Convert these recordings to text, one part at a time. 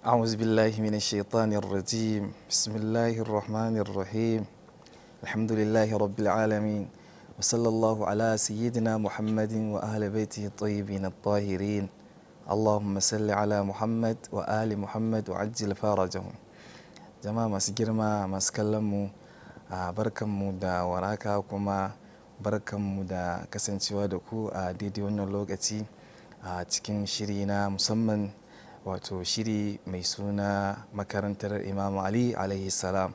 أعوذ بالله من الشيطان الرجيم بسم الله الرحمن الرحيم الحمد لله رب العالمين وصلى الله على سيدنا محمد وأهل بيته الطيبين الطاهرين اللهم صل على محمد وآل محمد وعجل فرجهم جماعة مسجرما مسكلمو barkanmu da waraka kuma barkanmu da kasancewa da ku a daidai wannan lokaci a cikin shiri na musamman wato shiri mai suna makarantar imam ali alaihi salam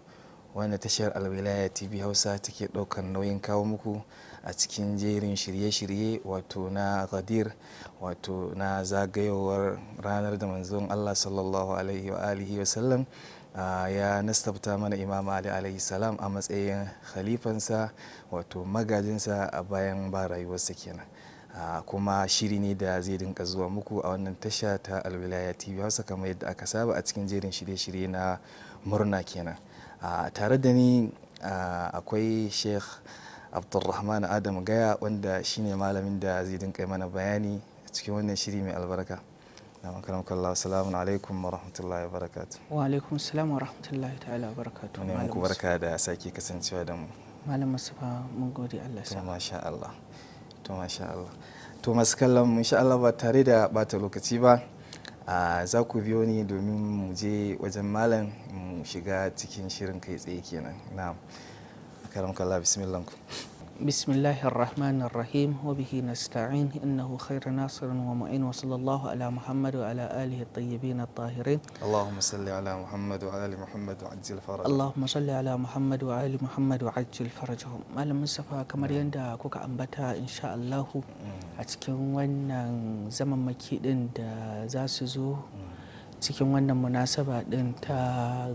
wanda tashar alwilaya tv hausa take ɗaukar nauyin kawo muku a cikin jerin shirye-shirye wato na ghadir wato na zagayowar ranar da manzon allah sallallahu alaihi wa alihi wasallam ya nastabta mana imam ali alaihi salam a matsayin khalifansa wato magajinsa a bayan ba rayuwarsa kenan kuma shiri ne da zai dinka zuwa muku a wannan tasha ta alwilaya tv hausa kamar yadda aka saba a cikin jerin shirye-shirye na murna kenan tare da ni akwai sheikh abdulrahman adam gaya wanda shine malamin da zai dinka mana bayani a cikin wannan shiri mai albarka na Allah salamu alaikum wa rahmatullahi wa barakatu wa alaikum salam wa rahmatullahi ta'ala wa barakatu ne muku barka da sake kasancewa da mu malam musufa mun gode Allah sa masha Allah to masha Allah to masu kallon insha Allah ba tare da bata lokaci ba za ku biyo ni domin mu je wajen malam mu shiga cikin shirin kai tsaye kenan na'am karam bismillah بسم الله الرحمن الرحيم وبه نستعين إنه خير ناصر ومعين وصلى الله على محمد وعلى آله الطيبين الطاهرين اللهم صل على محمد وعلى آل محمد وعجل فرجهم اللهم صل على محمد وعلى آل محمد وعجل فرجهم لم مصطفى كما يندا كوكا أنبتا إن شاء الله أتكلم wannan zaman maki din da za su zo mm. cikin wannan munasaba din ta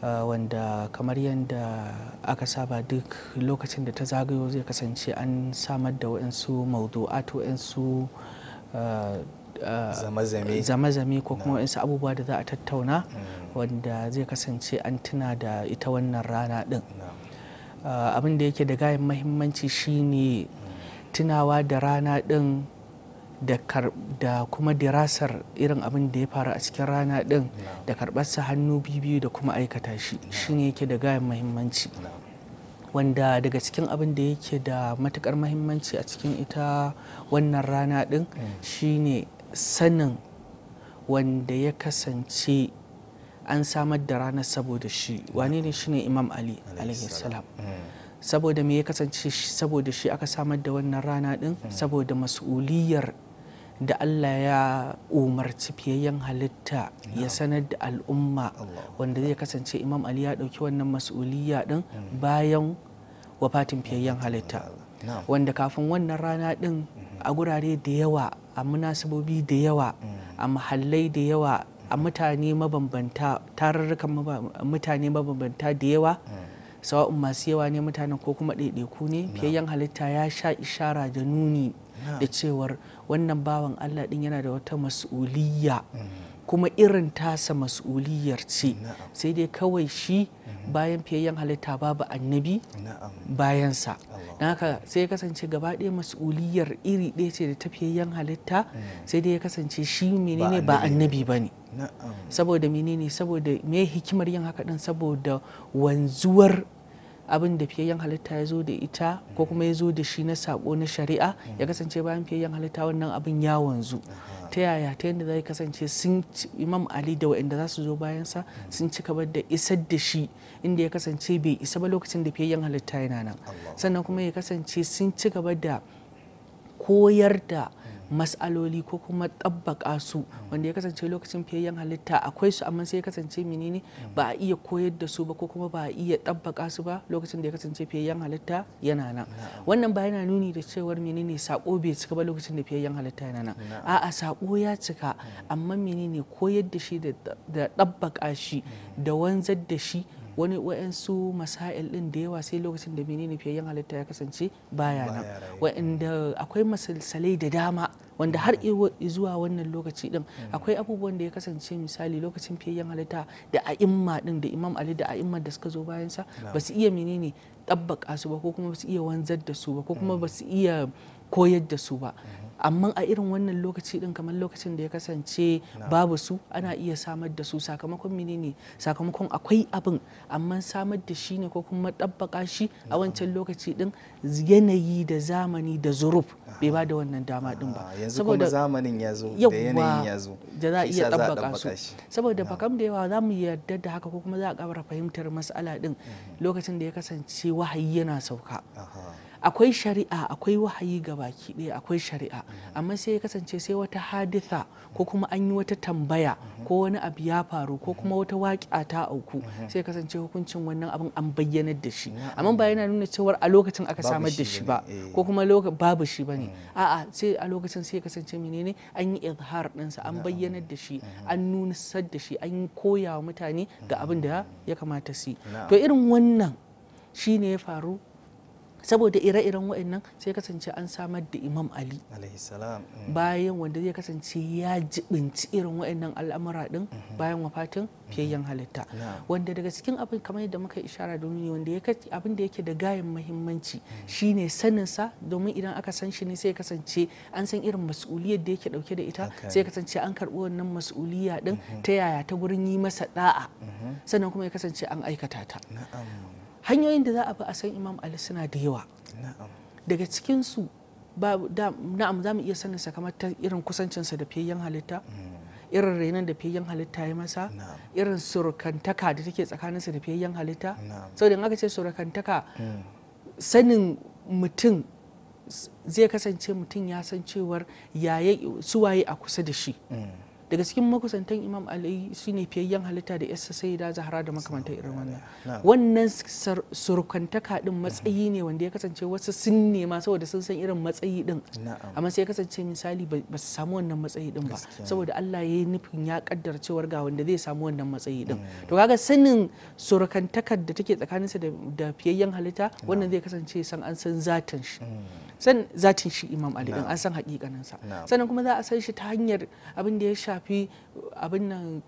Eh, wanda kamar yadda aka saba duk lokacin da ta zagayo zai kasance an samar da waɗansu maudu'at waɗansu zama eh, eh, zame ko kuma waɗansu abubuwa da za a tattauna mm. wanda zai kasance an tuna da ita wannan rana ɗin abin da yake da gayan mahimmanci shine mm. tunawa da rana ɗin da kuma dirasar irin abin da ya faru a cikin rana din da karɓarsa hannu biyu da kuma aikata shi shine yake da gayan mahimmanci wanda daga cikin abin da yake da matukar mahimmanci a cikin ita wannan rana din mm. ne sanin wanda ya kasance an samar da ranar saboda shi wane ne shi ne imam ali salam mm. saboda me ya kasance saboda shi aka samar da wannan rana din mm. saboda mas'uliyar da Allah ya umarci fiyayyen halitta ya sanar da al'umma wanda zai kasance imam Ali ya ɗauki wannan mas'uliyya ɗin hmm. bayan wa fatin fiyayyen halitta wanda kafin wannan rana ɗin hmm. a gurare da yawa a munasibobi da yawa hmm. a mahallai da yawa a mutane mabambanta tararrukan mutane mabambanta da yawa sawa'un masu yawa ne mutanen ko kuma ɗaiɗaiku ne fiyayyen halitta ya sha ishara da nuni da cewar wannan bawan Allah din yana da wata mas'uliyya mm. kuma irin tasa masuliyyar ce sai dai kawai shi mm-hmm. bayan fiyayyen halitta babu annabi bayansa haka sai ya kasance gaba ɗaya masuliyyar iri ɗaya ce da ta fiyayyen halitta mm. sai dai ya kasance shi menene ba annabi ba ne saboda menene saboda me hikimar yin haka din saboda wanzuwar abin da fiyayyen halitta ya zo da ita ko kuma ya zo da shi na sako na shari'a ya kasance bayan fiyayyen halitta wannan abin ya wanzu ta yaya ta yadda za zai kasance sun imam ali da waɗanda za su zo bayansa sun ci gaba da isar da shi inda ya kasance bai isa ba lokacin da fiyayyen halitta yana nan sannan kuma ya kasance sun ci gaba da koyar da matsaloli ko kuma tabbaka su wanda ya kasance lokacin fiyayyen halitta akwai su amma sai ya kasance menene ba a iya koyar da su ba ko kuma ba a iya tabbaka su ba lokacin da ya kasance fiyayyen halitta yana nan wannan ba yana nuni da cewar menene sako bai cika ba lokacin da fiyayyen halitta yana nan a'a sako ya cika mm. amma menene koyar da shi da tabbaka shi mm. da wanzar da shi wani wa'yansu masail din da yawa sai lokacin da menene fiyayyen halitta ya kasance baya nan wa'anda akwai masalsalai da dama wanda har mm. zuwa wannan lokaci din mm. akwai abubuwan da ya kasance misali lokacin fiyayyen halitta da a'imma din da imam ali da a'imma da suka zo bayansa ba su iya menene tabbaka su ba ko kuma ba su iya wanzar da su ba ko kuma mm. ba su iya koyar da su ba amma a irin wannan lokaci din kamar lokacin da ya kasance babu su ana iya samar da su sakamakon menene sakamakon akwai abin amma samar da shi ne ko kuma ɗabbaka shi a wancan lokaci din yanayi da zamani da zuruf bai ba da wannan dama din ba saboda zamanin ya zo da yanayin ya zo da za a iya ɗabbaka su saboda bakam da yawa za mu yarda da haka ko kuma za a ƙara fahimtar mas'ala din mhm. lokacin da ya kasance wahayi yana sauka akwai shari'a akwai wahayi ga baki ɗaya akwai shari'a amma sai ya kasance sai wata haditha ko kuma an yi wata tambaya ko wani abu ya faru ko kuma wata waƙa ta auku sai ya kasance hukuncin wannan abin an bayyanar da shi amma ba yana nuna cewar a lokacin aka samar da shi ba eh. ko kuma babu shi ba ne mm. a'a sai a lokacin sai ya kasance menene an yi izhar ɗinsa an bayyanar da shi mm-hmm. an nunasar da shi an koya wa mutane ga abin da mm-hmm. ya kamata su to irin wannan shi ne ya faru saboda ire-iren wa'annan sai kasance an samar da imam ali mm. bayan wanda zai kasance ya jibinci irin wa'annan al'amura din mm-hmm. bayan wafatin mm-hmm. fiyayyen halitta wanda daga cikin abin kamar yadda muka ishara domin wanda abin da yake da gayan mahimmanci mm. shine sanin sa domin idan aka san shi ne sai kasance an san irin mas'uliyar da yake dauke da ita sai kasance an karbi wannan mas'uliya din mm-hmm. ta yaya ta gurin yi masa da'a sannan kuma ya kasance an aikata ta hanyoyin da za a bi a san imam ali suna da yawa daga cikinsu na'am za mu iya sanin kamar ta irin kusancinsa da fiyayyen halitta mm. irin renon da fiyayyen halitta ya masa irin surukantaka da take tsakaninsa da fiyayyen halitta sau da aka ce surukantaka mm. sanin mutum zai kasance mutum ya san cewar yaye suwaye a kusa da shi mm. daga cikin makusantan imam ali shine fiyayyen halitta da yasa sai da zahara da makamantar irin wannan wannan surukantaka din matsayi ne wanda ya kasance wasu sun nema saboda sun san irin matsayi din amma sai ya kasance misali ba su samu wannan matsayi din ba saboda Allah ya yi nufin ya kaddar cewar ga wanda zai samu wannan matsayi din mm. to kaga sanin surukantakar da take tsakaninsa da fiyayyen halitta wannan zai kasance san an san zatin shi mm. san zatin shi imam ali an san hakikaninsa sannan kuma za a san shi ta hanyar abin da ya shafi abin nan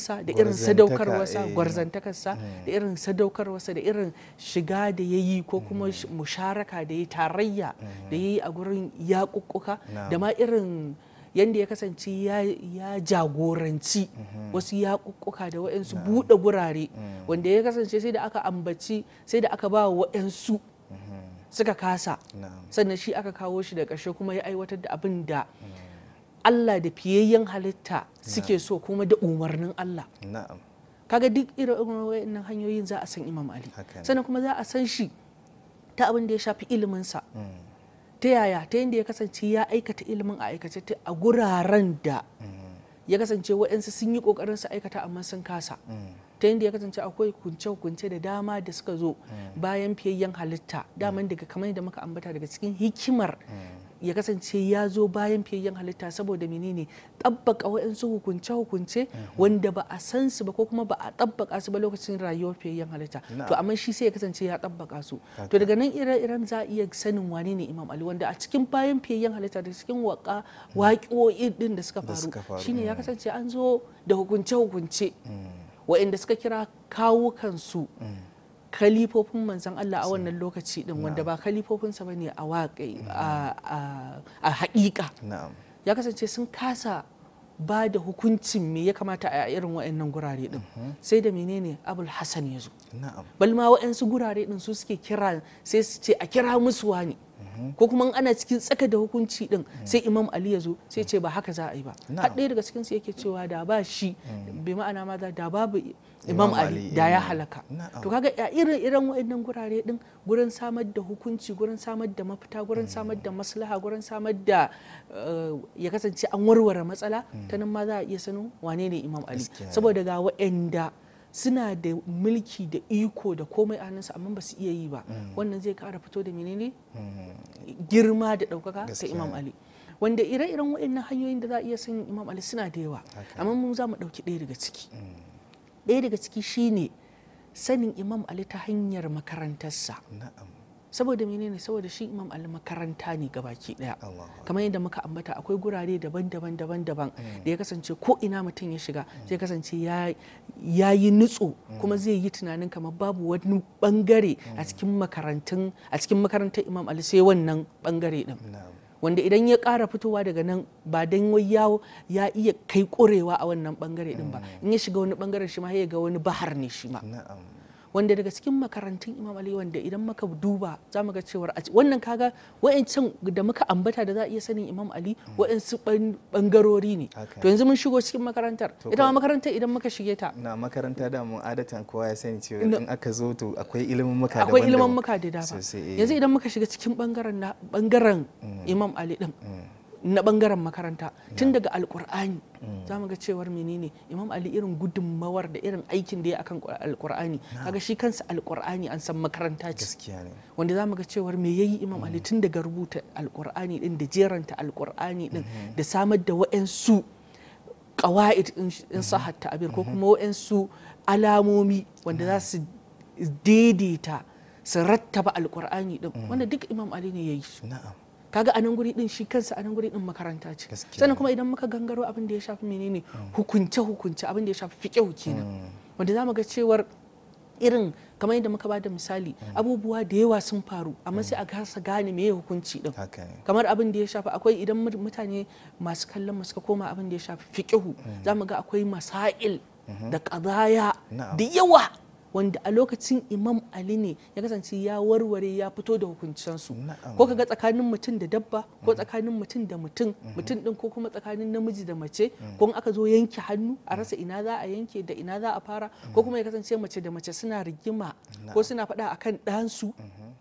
sa da irin gwarzantakar eh. gwarzantakarsa da eh. irin sadaukar wasa da irin shiga da yayi ko kuma mm. musharaka da ya tarayya mm. da ya a gurin yaƙuƙuka da ma irin yadda ya kasance ya jagoranci mm-hmm. wasu yaƙuƙuka da waɗansu buɗe gurare mm. wanda ya kasance sai da aka ambaci sai da aka ba waɗansu suka kasa sannan shi aka kawo shi da ƙarshe kuma ya aiwatar da abin da Allah da fiyayyen halitta suke so kuma da umarnin Allah kaga duk irin hanyoyin za a san Imam Ali sannan kuma za a san shi ta abin da ya shafi iliminsa mm. ta yaya ta yinda ya kasance ya aikata ilimin a aikace ta a guraren da mm. ya kasance waɗansu sun yi ƙoƙarin su aikata amma sun kasa mm. ta yadda ya kasance akwai kunce-kunce da dama da suka zo bayan fiyayyen halitta daman daga kamar da muka ambata daga cikin hikimar ya kasance ya zo bayan fiyayyen halitta saboda menene tabbaka waɗansu hukunce-hukunce wanda ba a san su ba ko kuma ba a tabbaka su ba lokacin rayuwar fiyayyen halitta to amma shi sai ya kasance ya tabbaka su to daga nan ire-iren za a iya sanin wane ne imam ali wanda a cikin bayan fiyayyen halitta da cikin waka waƙoƙi din da suka faru shine ya mm. kasance an zo da hukunce-hukunce mm. wa'inda suka kira kawukansu kalifofin manzan Allah a wannan lokaci din wanda ba kalifofinsa ba ne a waƙai a haƙiƙa ya kasance sun kasa ba da hukuncin me ya kamata a irin wa'annan gurare din mhm. sai da menene abul hassan ya zo balma wa'ansu gurare din su suke kira sai su ce a kira musu wani ko kuma ana cikin tsaka da hukunci din sai imam ali ya zo sai ce ba haka za a yi ba har ɗaya daga cikin yake cewa da ba shi mm. bai ma'ana ma da babu imam ali da ya halaka to kaga ya irin irin wa'annan gurare din gurin samar da hukunci gurin samar da mafita gurin samar da maslaha gurin samar da eh, ya kasance an warware matsala mm. ta nan ma za a iya sanin wane ne imam ali saboda ga wa'anda suna da mulki da iko da komai a hannunsu amma ba su iya yi ba mm. wannan zai kara fito da menene mm. girma da ɗaukaka ta imam ali wanda ire-iren waɗannan hanyoyin da za a iya san imam ali suna da yawa amma mun za mu ɗauki ɗaya daga ciki mm. ɗaya daga ciki shine sanin imam ali ta hanyar makarantarsa saboda menene saboda shi imam ali makaranta ne gabaki daya kamar yadda muka ambata akwai gurare daban-daban daban-daban mm. da ya kasance ko ina mutum ya shiga mm. zai kasance ya yi nutso mm. kuma zai yi tunanin kamar babu wani bangare a cikin makarantun a cikin makarantar imam ali sai wannan bangare din wanda idan ya kara fitowa daga nan ba dan wai ya ya iya kai ƙurewa a wannan bangare din ba in ya shiga wani bangaren shi ma ya ga wani bahar ne shi ma wanda daga cikin makarantun imam ali wanda idan muka duba za mu ga cewar wannan kaga wa'ancan da muka ambata da za a iya sanin imam ali hmm. wa'ansu bangarori ne to yanzu mun shigo cikin makarantar ita ma makarantar idan muka shige ta na makaranta da mun adatan kowa ya sani cewa in aka zo to akwai ilimin muka da akwai ilimin muka da dama eh. yanzu idan muka shiga cikin bangaren bangaren hmm. imam ali din hmm. na bangaren makaranta tun daga alkur'ani mm. za mu ga cewar menene imam ali irin gudunmawar da irin aikin da ya akan alkur'ani kaga shi kansa alkur'ani an san makaranta ce wanda za mu ga cewar me yayi imam ali mm. tun daga rubuta alkur'ani din da jeranta alkur'ani din mm-hmm. da samar da wa'ansu ƙawa'id in sahar mm-hmm. ta'abir ko mm-hmm. kuma wa'ansu alamomi wanda za mm. su daidaita su rattaba alkur'ani din wanda duk imam ali ne yayi na'am kaga a nan guri din shi kansa a nan guri din makaranta ce sannan kuma idan muka gangaro abin da ya shafi menene mm. hukunce hukunce abin da ya shafi fiƙewu kenan mm. wanda za mu ga cewar irin kamar yadda muka bada misali mm. abubuwa da yawa sun faru amma sai a gasa gane me hukunci din kamar abin da ya shafi akwai idan mutane masu kallon masu koma abin da ya shafi za zamu ga akwai masail mm-hmm. da kazaya da yawa wanda a lokacin imam ali ne ya kasance ya warware ya fito da hukuncensu ko kaga tsakanin mutum da dabba ko mm-hmm. tsakanin mutum da mutum mm-hmm. mutum din ko kuma tsakanin namiji da mace mm-hmm. ko aka zo yanke hannu a rasa ina za a yanke da ina za a fara ko kuma ya kasance mace da mace suna rigima ko suna faɗa akan ɗansu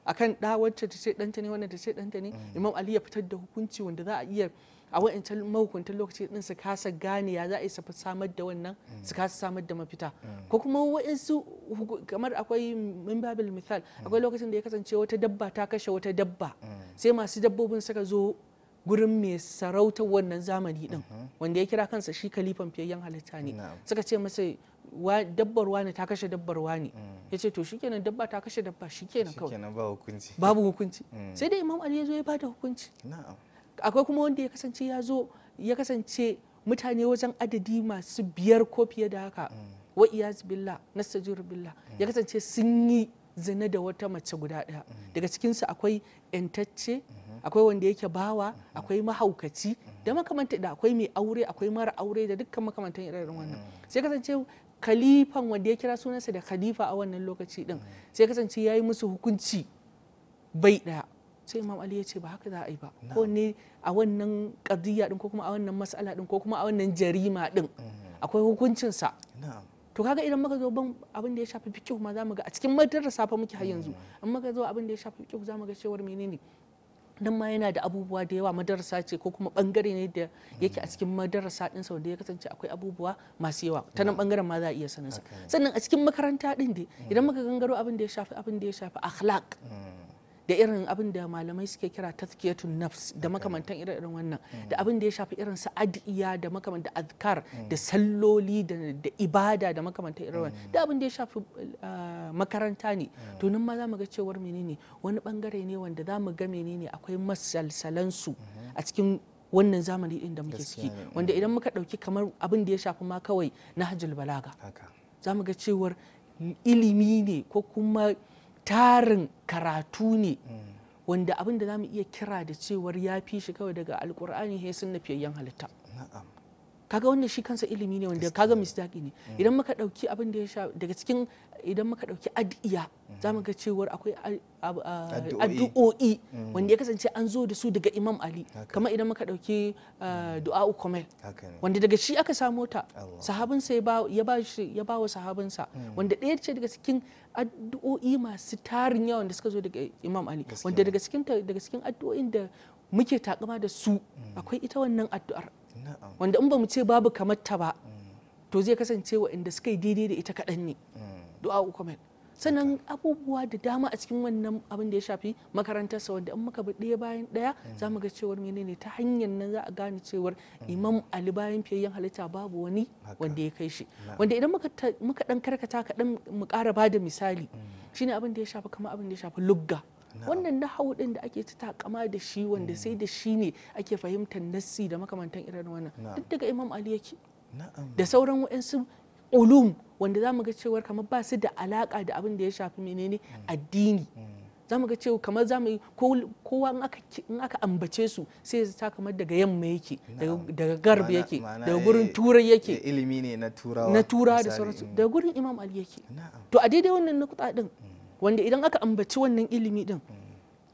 akan ɗa wacce ta ce ɗanta ne wannan ta ce ɗanta ne imam ali ya fitar da hukunci wanda za a iya a wa'ancan mahukuntar lokaci din su kasa gane ya za a yi samar da wannan su kasa samar da mafita mm. ko kuma wa'ansu kamar akwai min babil misal mm. akwai lokacin da ya kasance wata dabba ta kashe wata dabba mm. sai masu dabbobin suka zo gurin mai sarautar wannan zamani din mm-hmm. wanda ya kira kansa shi kalifan fiyayyen halitta ne suka ce masa dabbar wani ta kashe dabbar wani ya ce to shikenan dabba ta kashe dabba shikenan kawai babu hukunci sai dai imam ali ya zo ya bada hukunci akwai kuma wanda ya kasance ya zo ya kasance mutane wajen adadi masu biyar ko fiye da haka mm. wa billa billah nastajir billah mm. ya kasance sun yi zina da wata mace guda ɗaya mm. daga cikinsu akwai yantacce mm-hmm. akwai wanda yake bawa mm-hmm. akwai mahaukaci mm-hmm. da makamanta da akwai mai aure akwai mara aure da dukkan makamantan irin wannan sai kasance kalifan wanda ya kira sunansa da khalifa a wannan lokaci din sai kasance ya yi musu hukunci bai ɗaya sai imam ali ya ce ba haka za a yi ba ko ne a wannan kadiyya din ko kuma a wannan mas'ala din ko kuma a wannan jarima din mm-hmm. akwai hukuncinsa to kaga idan muka zo ban abin da ya shafi fiqh ma zamu ga a cikin madrasa fa muke har yanzu mm-hmm. in muka zo abin da ya shafi fiqh zamu ga cewar menene nan ma yana da abubuwa da yawa madarasa ce ko kuma bangare ne da yake a mm-hmm. cikin madarasa din sau da ya kasance akwai abubuwa masu yawa ta nan bangaren ma za a iya sanin sannan a cikin makaranta din dai idan muka gangaro abin da ya shafi abin da ya shafi akhlaq da irin abin da malamai suke kira tazkiyatun nafs da makamantan irin wannan mm. da abin da ya shafi irin su adiya da makamantan azkar mm. da salloli da ibada da makamantan irin wannan mm. da abin da ya shafi ah, makaranta ne to nan ma za mu ga cewar menene wani bangare ne wanda za mu ga menene akwai masalsalansu mm-hmm. a cikin wannan zamani din da muke ciki wanda idan muka dauki kamar abin da ya shafi ma kawai na hajjul balaga za mu ga cewar ilimi ne ko kuma tarin karatu ne mm. wanda abin da za mu iya kira da cewar ya fi shi kawai daga alkur'ani sai sunna fiyayyen halitta kaga wanda shi kansa ilimi ne wanda kaga misdaki ne mm. idan muka dauki abin da ya sha daga cikin idan muka dauki adiya mm. za mu ga cewar akwai addu'o'i mm. wanda ya kasance an zo da su daga imam ali Kama idan muka dauki eh, du'a kamel wanda daga shi aka samo ta sahabinsa ya ba ya ba wa sahabinsa wanda ɗaya ce daga cikin addu'o'i masu tarin yawan da suka zo daga imam ali wanda daga cikin daga cikin addu'o'in da muke takama da su akwai ita wannan addu'ar wanda in ba mu ce babu kamar ta ba to zai kasance inda suka yi daidai da ita kaɗan ne du'a uku ukumen sannan abubuwa da dama a cikin wannan abin da ya shafi makarantarsa wanda in muka bi ɗaya bayan ɗaya mm. za mu ga cewar menene ta hanyar nan za a gane cewar mm. imam ali bayan fiyayyen halitta babu wani wanda ya kai shi wanda idan muka ɗan karkata kaɗan mu ƙara ba da misali mm. shine abin da ya shafi kamar abin da ya shafi lugga wannan hau din da ake ta takama da shi wanda sai mm. da shi ne ake fahimtar nassi da makamantan irin wannan duk daga imam ali yake da sauran waɗansu ulum wanda za mu ga cewar kamar ba su da alaka da abin da ya shafi menene mm. addini mm. za mu ga cewa kamar za mu yi kowa in aka ambace su sai su ta kamar daga yamma yake daga garb yake daga gurin eh, turai yake eh, ilimi ne na turawa na turawa da sauransu daga gurin imam ali yake to a daidai wannan na din wanda idan aka ambaci wannan ilimi din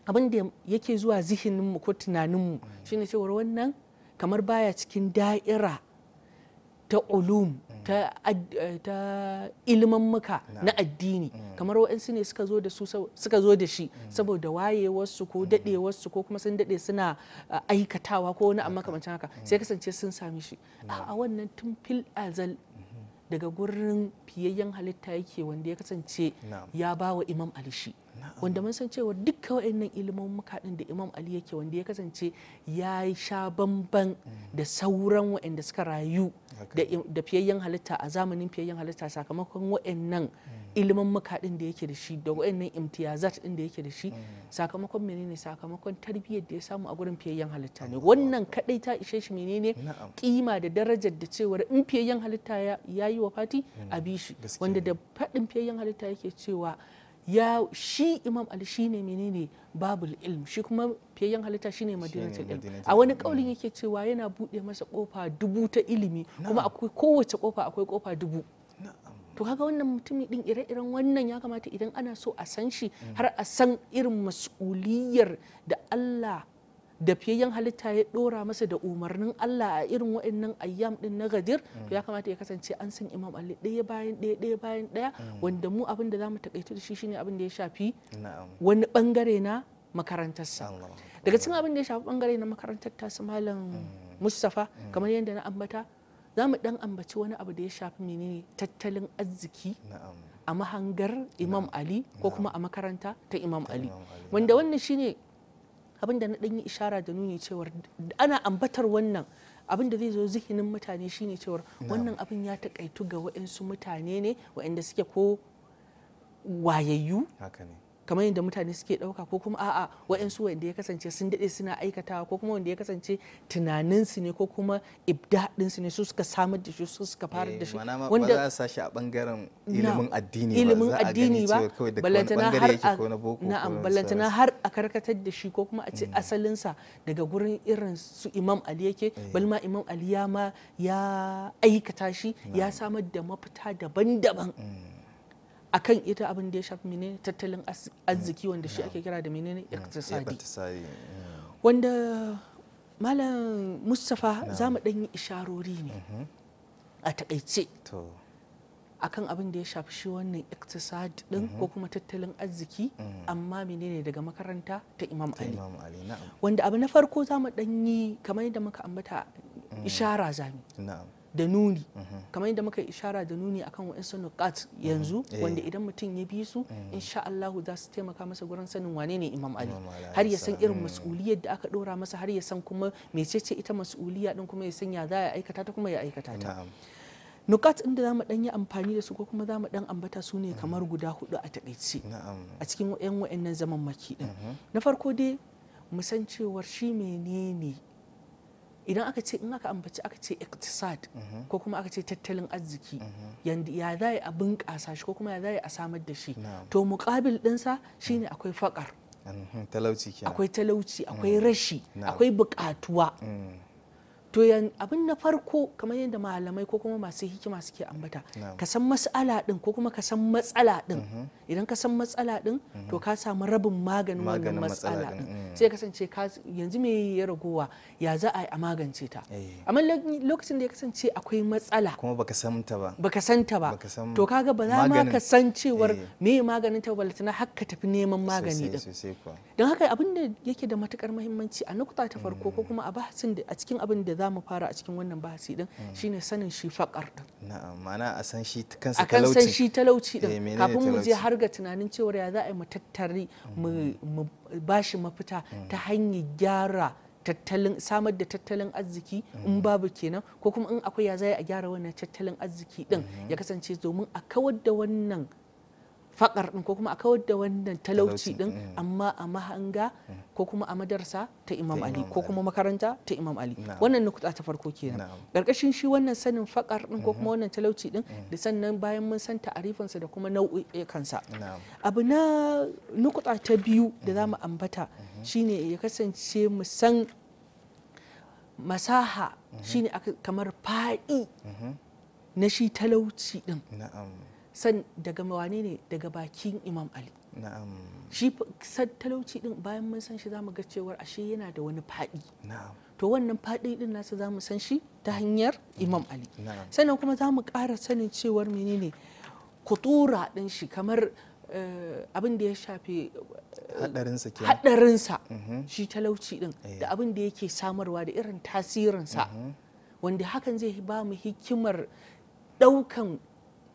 abin da yake zuwa zihininmu ko tunaninmu shine cewar wannan kamar baya cikin da'ira ta ulum ta, eh, ilmammuka na addini mm. kamar waɗansu ne suka zo da shi mm. saboda wayewarsu ko mm. daɗewarsu ko kuma sun daɗe suna eh, aikatawa ko wani amma kamar haka sai kasance sun sami shi a wannan tun fil azal daga gurin fiyayyen halitta yake wanda ya kasance ya ba wa imam ali shi wanda mun san cewa dukkan wayannan ilimin mukaɗin da imam ali yake wanda ya kasance ya sha bamban mm. da sauran wa'anda suka rayu da fiyayyen halitta a zamanin fiyayyen halitta sakamakon wayannan mm. ilimin makaɗin da yake da shi da wayannan imtiyazat din da yake da shi mm. sakamakon menene sakamakon tarbiyyar da ya samu a gurin fiyayyen halitta ne wannan kadai ta ishe shi menene kima da darajar da cewar in fiyayyen halitta ya yi wa fati mm. a bi wanda da faɗin fiyayyen halitta yake cewa ya shi imam ali shine menene babul ilm shi kuma fiyayyen halitta shine madinatul ilm a wani kaulin mm. yake cewa yana buɗe masa kofa dubu ta ilimi kuma akwai kowace kofa akwai kofa dubu to kaga wannan mutumi din ire-iren wannan ya kamata idan ana so a san shi har a san irin mas'uliyar da Allah da fiyayyen halitta ya dora masa da umarnin Allah a irin wa'annan ayyam din na gadir to ya kamata ya kasance an san Imam Ali ɗaya bayan ɗaya ɗaya bayan ɗaya wanda mu abin da zamu takaitu da shi shine abin da ya shafi wani bangare na makarantarsa daga cikin abin da ya shafi bangare na makarantar tasu malam mm. Mustafa mm. kamar yadda na ambata za mu dan ambaci wani abu da ya shafi menene tattalin arziki a mahangar imam ali ko kuma a makaranta ta imam ali wanda wannan shine abin da na dan yi ishara da nuni cewar ana ambatar wannan abin da zai zo zihinin mutane shine cewar wannan abin ya takaitu ga wa'insu mutane ne waanda suke ko wayayyu kamar yadda mutane suke ɗauka ko kuma a'a wa'yansu wanda ya kasance sun daɗe suna aikatawa ko kuma wanda ya kasance tunaninsu ne ko kuma ibdaɗinsu ne su suka samar da shi su suka fara da eh, shi wanda ba za a sashi a bangaren ilimin addini ba ilimin addini ba balantana har na'am balantana har a karkatar da shi ko kuma a ce mm. asalinsa daga gurin irin su imam ali yake eh. balma imam ali ya ma ya aikata shi ya samar da mafita daban-daban mm. akan ita abin da ya shafi menene tattalin arziki wanda shi ake kira da menene iktisadi wanda malam mustapha za mu ɗanyi isharori ne mm-hmm. a takaice akan abin da ya shafi shi wannan iktisadi din ko mm-hmm. kuma tattalin arziki mm. amma menene daga makaranta ta imam ali wanda abu na farko za mu ɗanyi kamar yadda muka ambata mm. ishara zami mu. da nuni mhm. kamar yadda muka ishara da nuni akan wa'insu nukat mhm. yanzu eh. wanda idan mutum ya bi su mhm. insha Allah za su taimaka masa gurin sanin wane ne Imam Ali har ya san irin hmm. mas'uliyar da aka ɗora masa har ya san kuma mecece ita mas'uliya din kuma ya san ya za ya aikata ta kuma ya aikata ta nukat inda za mu dan yi amfani da su ko kuma za mu dan ambata su ne hmm. kamar guda hudu a taƙaice a cikin yan nan zaman maki na farko dai mu san cewar shi menene idan aka ce in aka ambaci aka ce iktisad mhm. ko kuma aka ce tattalin arziki mhm. ya za a bunƙasa shi ko kuma ya za a samar da shi to muƙabil ɗinsa shine mm. akwai faƙar mhm, akwai talauci akwai mm. rashi akwai buƙatuwa mm. to abin na farko kamar yadda malamai ko kuma masu hikima suke ambata ka san mas'ala din ko kuma ka san matsala din mhm. idan ka san matsala din to mhm. ka samu rabin maganin wannan matsala din mm. sai kasance yanzu me ya ragowa ya za a yi a magance ta eh. amma lokacin da ya kasance akwai matsala kuma baka san ta ba baka san ta ba to kaga ba za ma ka san cewar eh. me maganin ta balatana har hakka tafi neman magani din don haka abin da yake da matukar muhimmanci a nukta ta farko mm. ko kuma a bahasin a cikin abin da za mu fara a cikin wannan bahasi din hmm. shine sanin shi faƙar din ma'ana a san shi kansa talauci a san shi talauci din eh, kafin mu je har ga tunanin cewa ya za a yi mu tattare mu hmm. bashi mafita hmm. ta hanyar gyara tattalin samar da tattalin arziki in babu kenan ko kuma in akwai ya za a gyara wannan tattalin arziki din ya kasance domin a kawar da wannan fakar din ko kuma a kawar da wannan talauci din eh. amma a mahanga eh. ko kuma a madarsa ta Imam Ali ko kuma makaranta ta Imam Ali wannan nukuta ta farko kenan karkashin shi wannan sanin fakar din ko kuma mm-hmm. wannan talauci din mm. da sannan bayan mun san ta'arifinsa da kuma nau'ikansa abu na nukuta ta biyu da za mu mm-hmm. ambata mm-hmm. shine ya kasance mu san masaha shine kamar faɗi na shi talauci din san daga mawane ne daga bakin imam ali shi talauci din bayan mun san shi zamu ga cewar ashe yana da wani faɗi to wannan faɗi din nasa zamu san shi ta hanyar imam ali sannan kuma zamu kara sanin cewar menene kutura din shi kamar eh, abin da ya shafe eh, haɗarinsa mm-hmm. shi talauci din eh. da abin da yake samarwa da irin tasirinsa mm-hmm. wanda hakan zai ba mu hikimar ɗaukan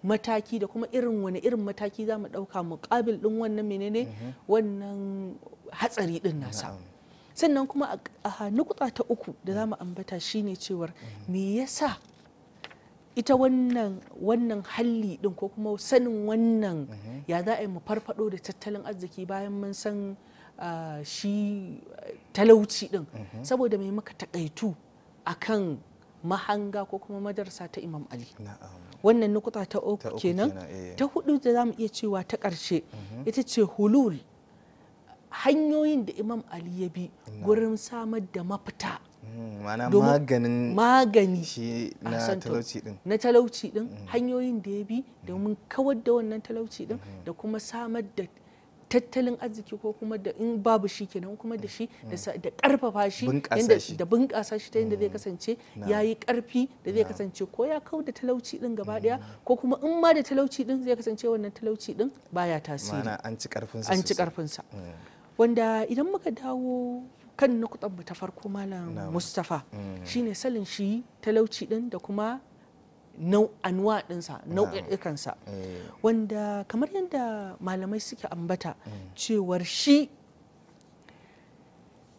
mataki da kuma irin wani irin mataki za mu ɗauka muƙabil ɗin wannan menene mhm. wannan hatsari ɗin nasa sannan kuma a nukuta ta uku da za mu ambata shine cewar mhm. me yasa ita wannan wannan halli ɗin ko kuma sanin wannan mhm. ya za a yi mu farfado da tattalin arziki bayan mun san shi eh, talauci ɗin saboda mai maka takaitu akan mahanga ko kuma madarsa ta imam ali wannan nukuta ta uku kenan eh. ta hudu da zamu iya cewa ta ƙarshe mhm. ita ce hulul hanyoyin da imam ali ya bi gurin samar da mafita mm, maganin magani shi talauci din na talauci din mm. hanyoyin da ya bi mm. domin kawar da wannan talauci din mm-hmm. da kuma samar da tattalin arziki ko kuma da in babu shi kenan kuma da mm. shi da karfafa mm. shi da bunƙasa shi ta yadda zai mm. kasance ya yi karfi da zai kasance ko ya kau da talauci din gaba daya ko kuma in ma da talauci din zai kasance wannan talauci din baya tasiri an ci karfinsa wanda idan muka dawo kan nukutan ta farko malam Mustapha shine salin shi talauci din da kuma nau'anuwa ɗinsa nau'ikansa eh. wanda kamar yadda malamai suke ambata mm. cewar shi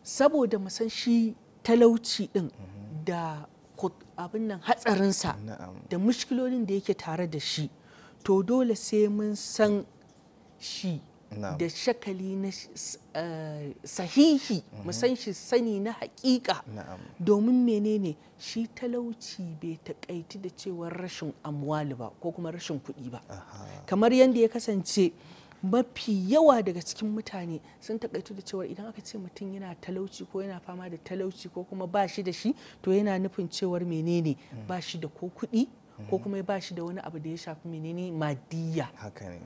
saboda musan shi talauci ɗin mhm. da abin nan hatsarinsa da mushkilolin da yake tare da shi to dole sai mun san shi da shakali na eh, sahihi mhm. musan shi sani na hakika domin menene shi talauci bai takaiti da cewar rashin amwali ba ko kuma rashin kuɗi ba kamar yadda ya kasance mafi yawa daga cikin mutane sun takaitu da cewa idan aka ce mutum yana talauci ko yana fama da talauci ko kuma ba shi da shi to yana nufin cewar menene mm. ba shi da ko kuɗi Mm. ko kuma ba shi da wani abu da ya shafi menene madiya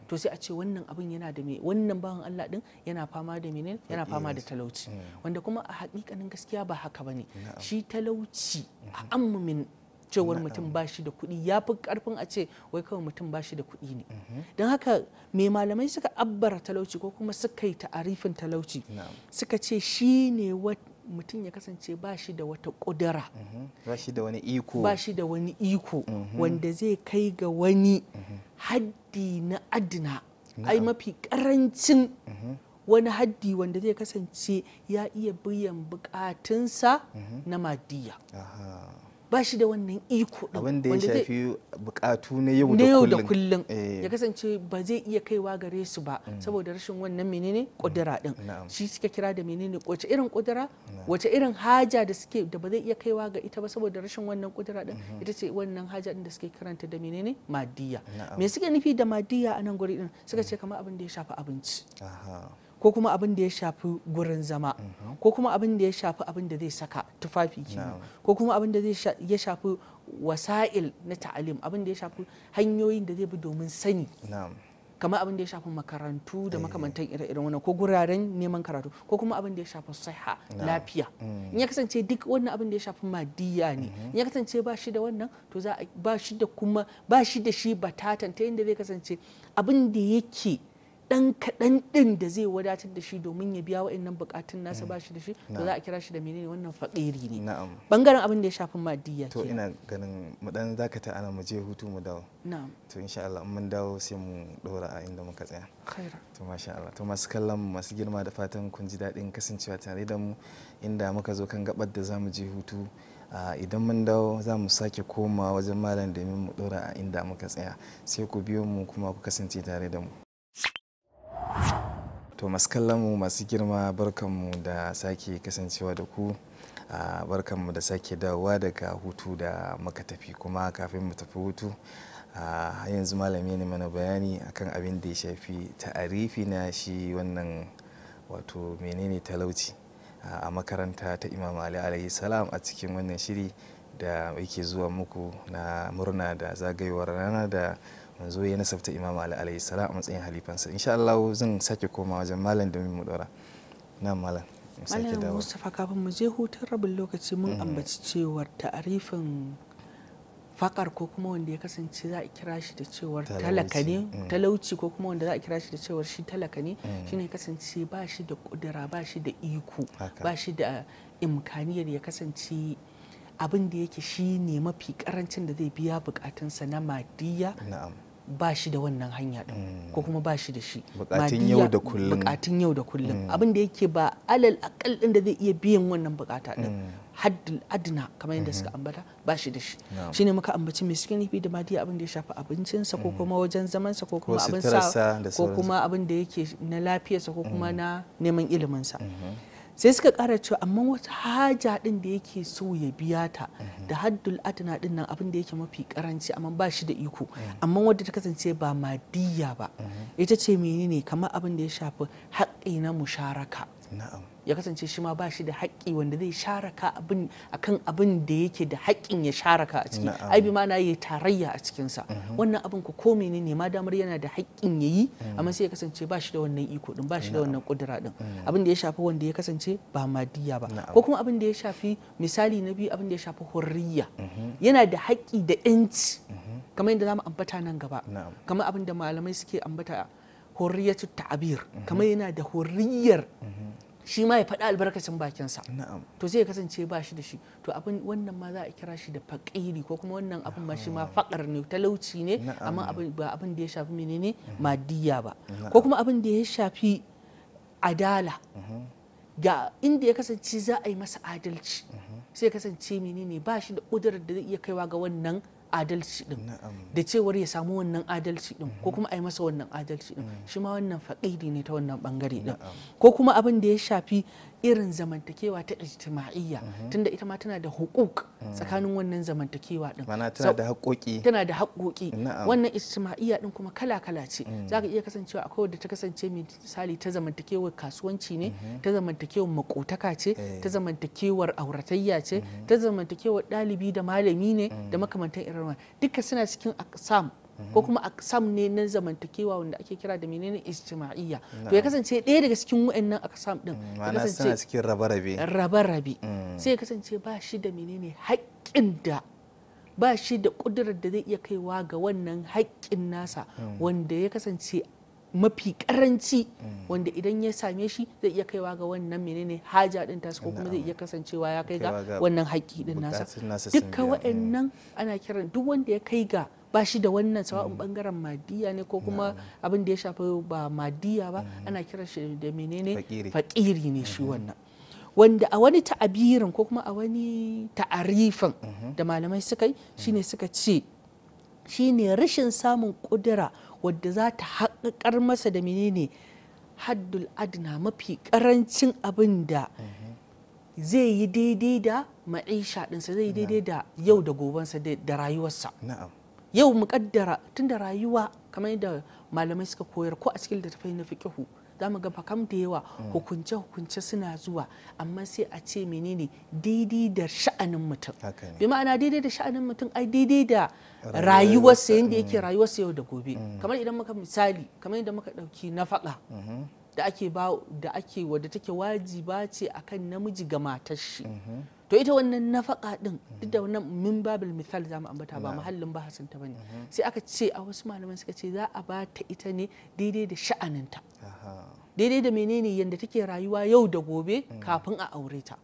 to sai a ce wannan abin yana da me wannan bawan Allah din yana fama da menene yana fama da talauci mm. wanda kuma a hakikanin gaskiya ba haka bane shi talauci a mm-hmm. ammin cewar mutum ba shi da kuɗi ya fi karfin a ce wai kawai mutum ba shi da kuɗi ne mm-hmm. don haka me malamai suka abbara talauci ko kuma suka yi ta'arifin talauci suka ce shi ne mutum ya kasance ba shi da wata ƙudura mm-hmm. ba shi da wani iko ba da wani iko mm-hmm. wanda zai kai ga wani mm-hmm. haddi na adina ai mafi ƙarancin wani haddi wanda zai kasance ya iya biyan bukatunsa na madiya ba shi da wannan iko da wanda ya shafi bukatu na yau da kullum da kullum eh. ya kasance ba zai iya kaiwa gare su ba mm. saboda rashin wannan menene kudura mm. din shi suka kira da menene wace irin kudura wace irin haja da suke da ba zai iya kaiwa ga ita ba saboda rashin wannan kudura din mm-hmm. ita ce wannan haja din da suke kiranta da menene madiya me suke nufi da madiya a nan guri din suka ce kamar abin da ya shafi abinci ko kuma abin da ya shafi gurin zama mhm. ko kuma abin da ya shafi abin da zai saka tufafi ke ko kuma abin da ya shafi wasa'il na ta'alim abin da ya shafi hanyoyin da zai bi domin sani kamar abin da ya shafi makarantu da eh. makamantan ire-iren wannan ko guraren neman karatu ko kuma abin da ya shafi saiha lafiya mm. in ya kasance duk wannan abin da ya shafi madiya ne mm-hmm. in ya kasance ba shi da wannan to za ba shi da kuma ba shi da shi batatan ta yadda zai kasance abin da yake dan kaɗan ɗin da zai wadatar da shi domin ya biya wa'annan bukatun nasa mm. ba shi da shi to za a kira shi da menene wannan faƙiri ne bangaren abin da ya shafi madiyya to ina ganin mu dan zakata ana mu je hutu mu dawo na'am to insha Allah mun dawo sai mu dora a inda muka tsaya khaira to masha Allah to masu kallon masu girma da fatan kun ji daɗin kasancewa tare da mu inda muka zo kan gabar da zamu je hutu idan mun dawo za mu sake koma wajen malam domin mu dora a inda muka tsaya sai ku biyo mu kuma ku kasance tare da mu to masu mu masu girma barkanmu da sake kasancewa da ku barkanmu da sake dawowa daga hutu da muka tafi kuma kafin mu tafi hutu har yanzu malami ne mana bayani akan abin da ya shafi ta'arifi na shi wannan wato menene talauci a makaranta ta imam ali alayhi salam a cikin wannan shiri da yake zuwa muku na murna da zagayowar rana da yanzu ya nasabta imam ali alayhi salam a matsayin halifansa insha Allah zan sake koma wajen malam domin mu dora na malam malam Mustafa kafin mu je hutun rabin lokaci mun mm-hmm. ambaci cewar ta'arifin fakar ko kuma wanda ya kasance za a kira shi da cewar talaka ne mm. talauci ko kuma wanda za a kira shi da cewar shi talaka ne mm. shine kasance ba shi da kudura ba shi da iko ba shi da imkaniyar ya kasance abin da yake shi ne mafi karancin da zai biya bukatunsa na madiya ba shi da wannan hanya din mm. ko kuma ba shi da shi bukatun yau da kullum abinda mm. abin yake ba alal akal din da zai iya biyan wannan bukata din mm. haddul adna kamar yadda suka mm-hmm. ambata ba shi da shi shine muka ambaci mai cikin nufi da madiya abin da ya shafi abincinsa ko kuma wajen zamansa ko kuma abin sa ko kuma abin yake na lafiyarsa ko kuma na neman iliminsa sa mm-hmm. sai suka kara cewa amma wata haja din da yake so ya biya ta mhm. da haddul adna din nan abin da yake mafi karanci amma ba shi da iko mhm. amma wadda ta kasance ba madiya ba mhm. ita ce menene kamar abin da ya shafi haƙƙi na musharaka na'am ya kasance shi ma ba shi da haƙƙi wanda zai sharaka abin akan abin da yake da haƙƙin ya sharaka a ciki ai bi na yi tarayya a cikin sa mhm. wannan abin ko ko menene ma damar yana da haƙƙin yayi mhm. amma sai ya kasance ba shi da wannan iko din ba shi da wannan kudura din mhm. abin da ya shafi wanda ya kasance ba madiya ba ko kuma abin da ya shafi misali na biyu abin da ya shafi hurriya yana da haƙƙi da inci kamar yadda zamu ambata nan gaba kamar abin da malamai suke ambata hurriyatu ta'abir kamar yana da hurriyar shi ma ya faɗa albarkacin bakinsa to sai ya kasance ba shi da shi to abin wannan ma za a kira shi da faƙiri ko kuma wannan abin ma shi ma faƙar ne talauci ne amma abin da ya shafi menene mhm. madiyya ba ko kuma abin da ya shafi adala mhm. ga inda ya kasance za a yi masa adalci mhm. sai kasance menene ba shi da ƙudurar da zai iya kaiwa ga wannan adalci din da cewar ya samu wannan adalci din ko kuma a yi masa wannan adalci din mm. shi ma wannan faƙidi ne ta wannan bangare din ko kuma abin da ya shafi irin zamantakewa ta ijtima'iyya mhm. tunda ita ma tana da hukuk mhm. tsakanin wannan zamantakewa din mana tana da haƙoƙi tana da haƙoƙi wannan ijtima'iyya din kuma kala kala ce mm. zaka iya kasancewa akwai wadda ta kasance misali ta zamantakewar kasuwanci ne mhm. ta zamantakewar makotaka ce eh. ta zamantakewar auratayya ce ta zamantakewar ɗalibi da malami ne mm. da makamantan irin duka suna cikin aqsam ko kuma aksam ne na zamantakewa wanda ake kira da menene ijtima'iyya to ya kasance ɗaya daga cikin wa'annan aksam din ya kasance cikin rabe-rabe rabe-rabe mm. sai ya kasance ba shi da menene haƙƙin da ba shi da ƙudurar da zai iya kaiwa ga wannan haƙƙin nasa mm. wanda ya kasance mafi karanci mm. wanda idan ya same shi zai iya kaiwa ga wannan menene haja din tasu ko kuma zai iya kasancewa ya kai ga wannan haƙƙi din nasa dukkan waɗannan ana kiran duk wanda ya kai ga ba shi da wannan sawa'un bangaren mm. madiya ne ko kuma abin da ya shafi ba madiya ba mm. ana kiran shi da menene fakiri ne shi mm-hmm. wannan wanda a wani ta'abirin ko kuma a wani ta'arifin mm-hmm. da malamai suka yi shine suka ce shine rashin samun kudura wadda za ta haƙaƙar masa da menene haddul adna mafi ƙarancin abin da zai yi daidai da ma'aisha ɗinsa zai yi daidai da yau da gobansa da rayuwarsa yau muƙaddara tun da rayuwa kamar yadda malamai suka koyar ko a cikin da ta na fiƙihu za mu ga fakam da yawa mm. hukunce hukunce suna zuwa amma sai a ce menene daidai da sha'anin mutum bi ma'ana daidai da sha'anin mutum ai daidai da rayuwarsa yadda yake mm. rayuwarsa yau da gobe mm. kamar idan muka misali kamar idan muka ɗauki nafaka mm-hmm. da ake ba da ake wadda take wajiba ce akan namiji ga matar shi mm-hmm. to ita wannan nafaka din duk da wannan min babul misal zamu ambata ba muhallin bahasin ta bane mhm. sai aka ce a wasu malaman suka ce za a ba ta ita ne daidai da sha'aninta daidai da menene yadda take rayuwa yau da gobe mm. kafin a aure ta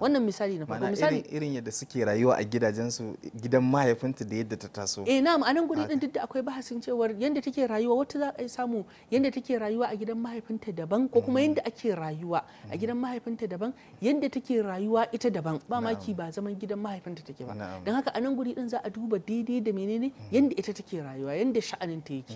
wannan misali na farko misali irin yadda suke rayuwa a gidajensu gidan mahaifinta da yadda ta taso eh na'am anan guri din duk da akwai bahasin cewar yadda take rayuwa wata za a samu yadda take rayuwa a gidan mahaifinta daban ko kuma mm. yadda ake rayuwa a gidan mm. mahaifinta daban yadda take rayuwa ita daban ba maki ba zaman gidan mahaifinta take ba don haka anan guri din za a duba daidai da menene yadda ita take rayuwa yadda sha'anin ta yake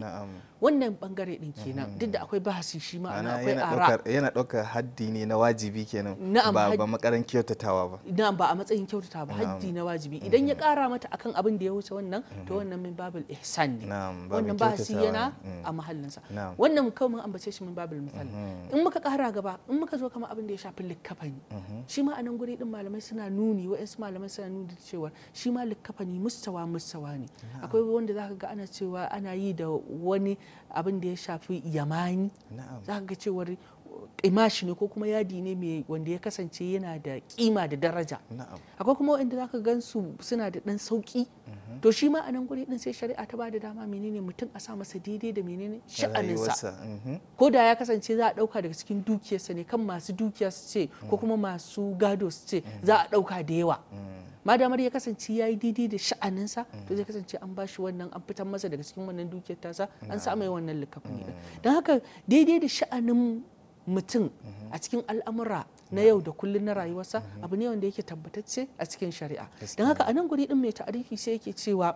wannan bangare din kenan duk da akwai bahasin shi ma ana yana ɗaukar haddi ne na wajibi kenan ba ba makaran kyautatawa ba na'am ba a matsayin kyautata ba haddi na wajibi mm-hmm. idan ya ƙara mata akan abin da ya wuce wannan to mm-hmm. wannan min babul ihsan ne wannan ba shi yana a mahallinsa mm. wannan kawai mun ambace shi min babul misal mm-hmm. in muka ƙara gaba in muka zo kamar abin da ya shafi likkafani shi ma a nan guri din malamai suna nuni wa'ansu malamai suna nuni cewa shi ma likkafani mustawa mustawa ne akwai wanda zaka ga ana cewa ana yi da wani abin da ya shafi yamani za ga cewar imashi ne ko kuma yadi ne mai wanda ya kasance yana da kima da daraja akwai kuma wanda zaka gan su suna da dan sauki mhm. to shi ma anan guri din sai shari'a ta bada dama menene mutum a sa masa daidai da menene sha'aninsa mhm. ko da ya kasance za a dauka daga cikin dukiyarsa ne kan masu dukiya su ce ko mhm. kuma masu gado su ce za a dauka da yawa madamar ya kasance ya yi daidai da sha'aninsa to zai kasance an bashi wannan an fitar masa daga cikin wannan dukiyar tasa an sa mai wannan likafin don haka daidai da sha'anin mutum a cikin al'amura na yau da kullum na rayuwarsa abu ne wanda yake tabbatacce a cikin shari'a don haka a nan guri din mai ta'arifi sai yake cewa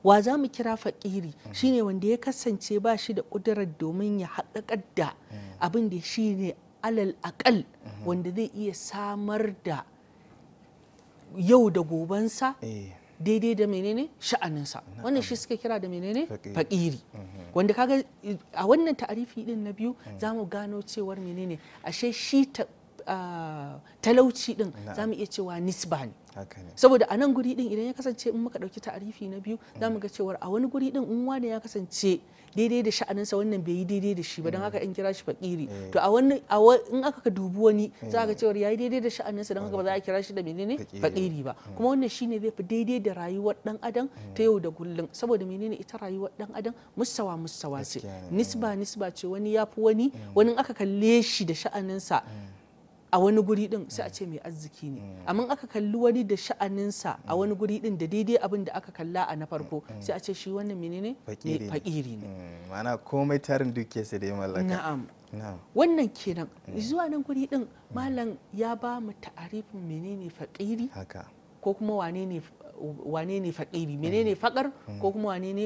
wa za mu kira fakiri mm. shine wanda ya kasance ba shi da ƙudurar domin ya haƙaƙar da mm. abin da shi ne alal aƙal mm-hmm. wanda zai iya samar da yau da gobansa. Eh. daidai da menene sha'aninsa wannan shi suke kira da menene fakiri mhm. wanda kaga a wannan ta'arifi din na biyu mhm. za mu gano cewar menene ashe shi ah, talauci din za mu iya cewa nisba ne saboda a nan guri din idan ya kasance in muka ɗauki ta'arifi na biyu za mu ga cewar a wani guri din in wani ya kasance daidai da sha'aninsa wannan bai yi daidai da shi ba don haka in kira shi fakiri eh. to a wani in aka ka dubi wani za ga eh. cewar yi daidai da sha'aninsa don haka ba za a eh. kira shi da menene fakiri ba hmm. kuma wannan shine zai fi daidai da rayuwar dan adam hmm. ta yau da kullum saboda menene ita rayuwar dan adam musawa musawa ce nisba nisba ce wani ya fi wani hmm. wani aka kalle shi da sha'aninsa a wani guri din sai a mm. ce mai arziki ne mm. amma aka kalli wani da sha'aninsa a wani guri din da daidai abin da aka kalla a na farko mm, sai a ce shi wannan menene fakiri ne Mana komai tarin duke sai dai mallaka na'am wannan kenan zuwa nan guri din malam ya ba mu ta'arifin menene fakiri ko kuma wane ne wane ne fakiri menene fakar ko kuma wane ne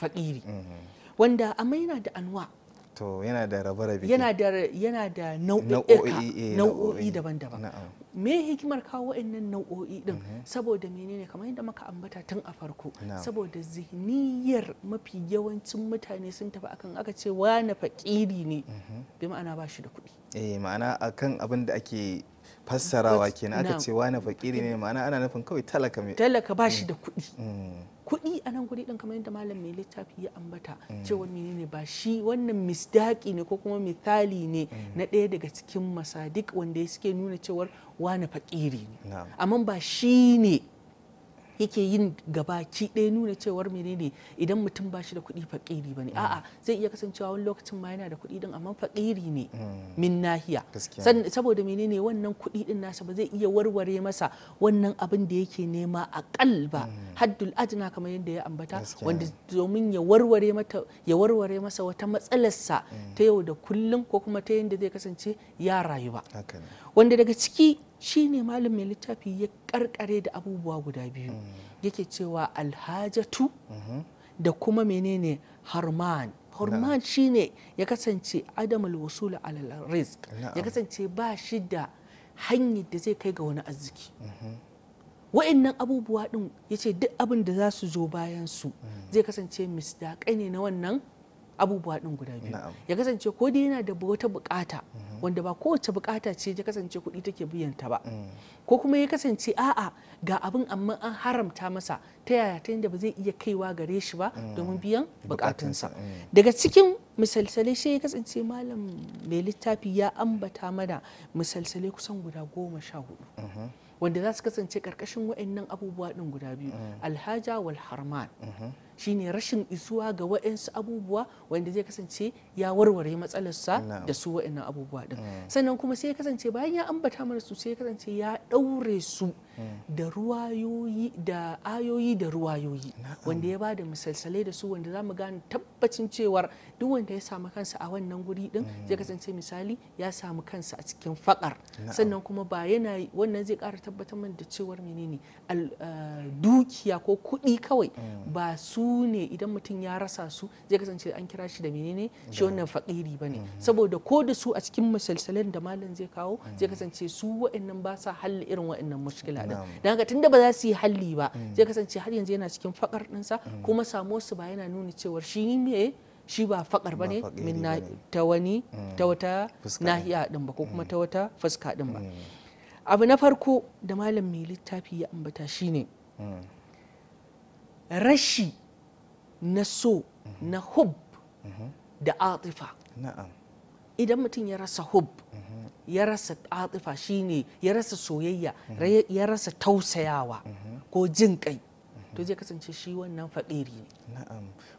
fakiri mm-hmm. wanda amma yana da anwa' wato yana da rabe-rabe yana da yana da eh, nau'o'i nau'o'i daban-daban me hikimar kawo wa'annan nau'o'i din mm-hmm. saboda menene kamar yadda muka ambata tun a farko saboda zihniyar mafi yawancin mutane sun tafi akan aka ce wani fakiri ne mm-hmm. bi ma'ana ba shi da kuɗi eh ma'ana akan abin da ake fassarawa kenan aka ce wani fakiri ne ma'ana ana nufin kawai talaka mai talaka ba shi mm. da kuɗi mm. kuɗi a nan guri ɗin kamar yadda malam mai littafi ya ambata mm. cewa menene ba shi wannan misdaki ne ko kuma misali ne na ɗaya daga cikin masadik wanda ya suke nuna cewar wani fakiri ne amma ba shi ne yake yin ki ɗaya nuna cewar menene idan mutum ba shi da kuɗi faƙiri ba ne a'a zai iya kasancewa wani lokacin ma yana da kuɗi din amma faƙiri ne mm. min nahiya saboda menene wannan kuɗi din nasa ba zai iya warware masa wannan abin da yake nema a ƙal ba mm. haddul adna kamar yadda ya ambata wanda domin ya warware mata ya warware masa wata matsalarsa mm. ta yau da kullum ko kuma ta yadda zai kasance ya rayu ba wanda daga ciki shine malam mai littafi ya karkare da abubuwa guda biyu mm. yake cewa alhajatu mm-hmm. da kuma menene harman shi shine ya kasance adamul wasul alal risk ya kasance ba shi da hanyar da zai kai ga wani arziki mm-hmm. wa'annan abubuwa din ya ce duk abin da za su zo bayan su mm. zai kasance misdaƙai ne na wannan abubuwa ɗin guda biyu ya kasance ko dai yana da wata bukata wanda ba kowace bukata ce ya kasance kuɗi take biyan ta ba mm. ko kuma ya kasance a'a ga abin amma an haramta masa ta yaya ta yadda ba zai iya kaiwa gare shi ba mm. domin biyan bukatunsa mm. daga cikin misalsalai shi ya kasance malam mai littafi ya ambata mana misalsalai kusan guda goma sha hudu mm-hmm. wanda za su kasance karkashin waɗannan abubuwa ɗin guda biyu alhaja wal harman mm-hmm. shine rashin isuwa ga wa'insu abubuwa wanda zai kasance ya warware matsalarsa da su wa'innan abubuwa din mm. sannan kuma sai ya kasance bayan ya ambata mana su sai ya kasance ya ɗaure su mm. da ruwayoyi da ayoyi da ruwayoyi wanda ya bada misalsalai da su wanda za mu gane tabbacin cewar duk wanda ya samu kansa a wannan guri din mm. zai kasance misali ya samu kansa a cikin faƙar sannan kuma ba yana wannan zai kara tabbatar mana da cewar menene eh, dukiya ko kuɗi kawai ba su ne idan mutum ya rasa su zai kasance an kira shi da menene shi wannan fakiri ne mhm. saboda ko da su a cikin misalsalan da malam zai kawo mhm. zai kasance su wa'annan ba sa halli irin wa'annan mushkila din dan haka tunda ba za su yi halli ba mhm. zai kasance har yanzu yana cikin fakar ɗinsa kuma samo su ba yana nuna cewar shi ne shi ba fakar ba ne ta wani ta wata nahiya din ba ko kuma ta wata fuska din ba abu na farko da malam mai littafi ya ambata shine rashi na so na hub da atifa idan mutum ya rasa hub ya rasa atifa shine ya rasa soyayya ya rasa tausayawa ko jin kai to zai kasance shi wannan faɗiri ne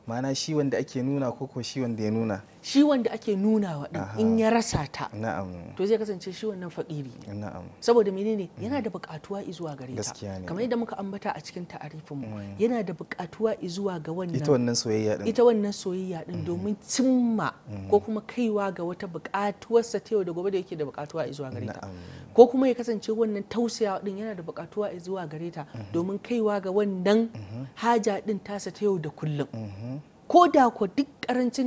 ma'ana shi wanda ake nuna ko ko shi wanda ya nuna shi wanda ake nunawa din in ya rasa ta na'am to zai kasance shi wannan fakiri na'am saboda menene mhm. yana da bukatuwa izuwa gare ta kamar yadda muka ambata a cikin ta'arifin mu mhm. yana da bukatuwa izuwa ga wannan ita wannan soyayya din ita wannan soyayya din mhm. domin cimma ko kuma kaiwa ga wata bukatuwar sa ta yau da gobe da yake da bukatuwa izuwa gare ta ko kuma ya kasance wannan tausayawa din yana da bukatuwa zuwa gare ta mhm. domin kaiwa ga wannan mhm. haja din tasa ta yau da kullum mhm. ko da ko duk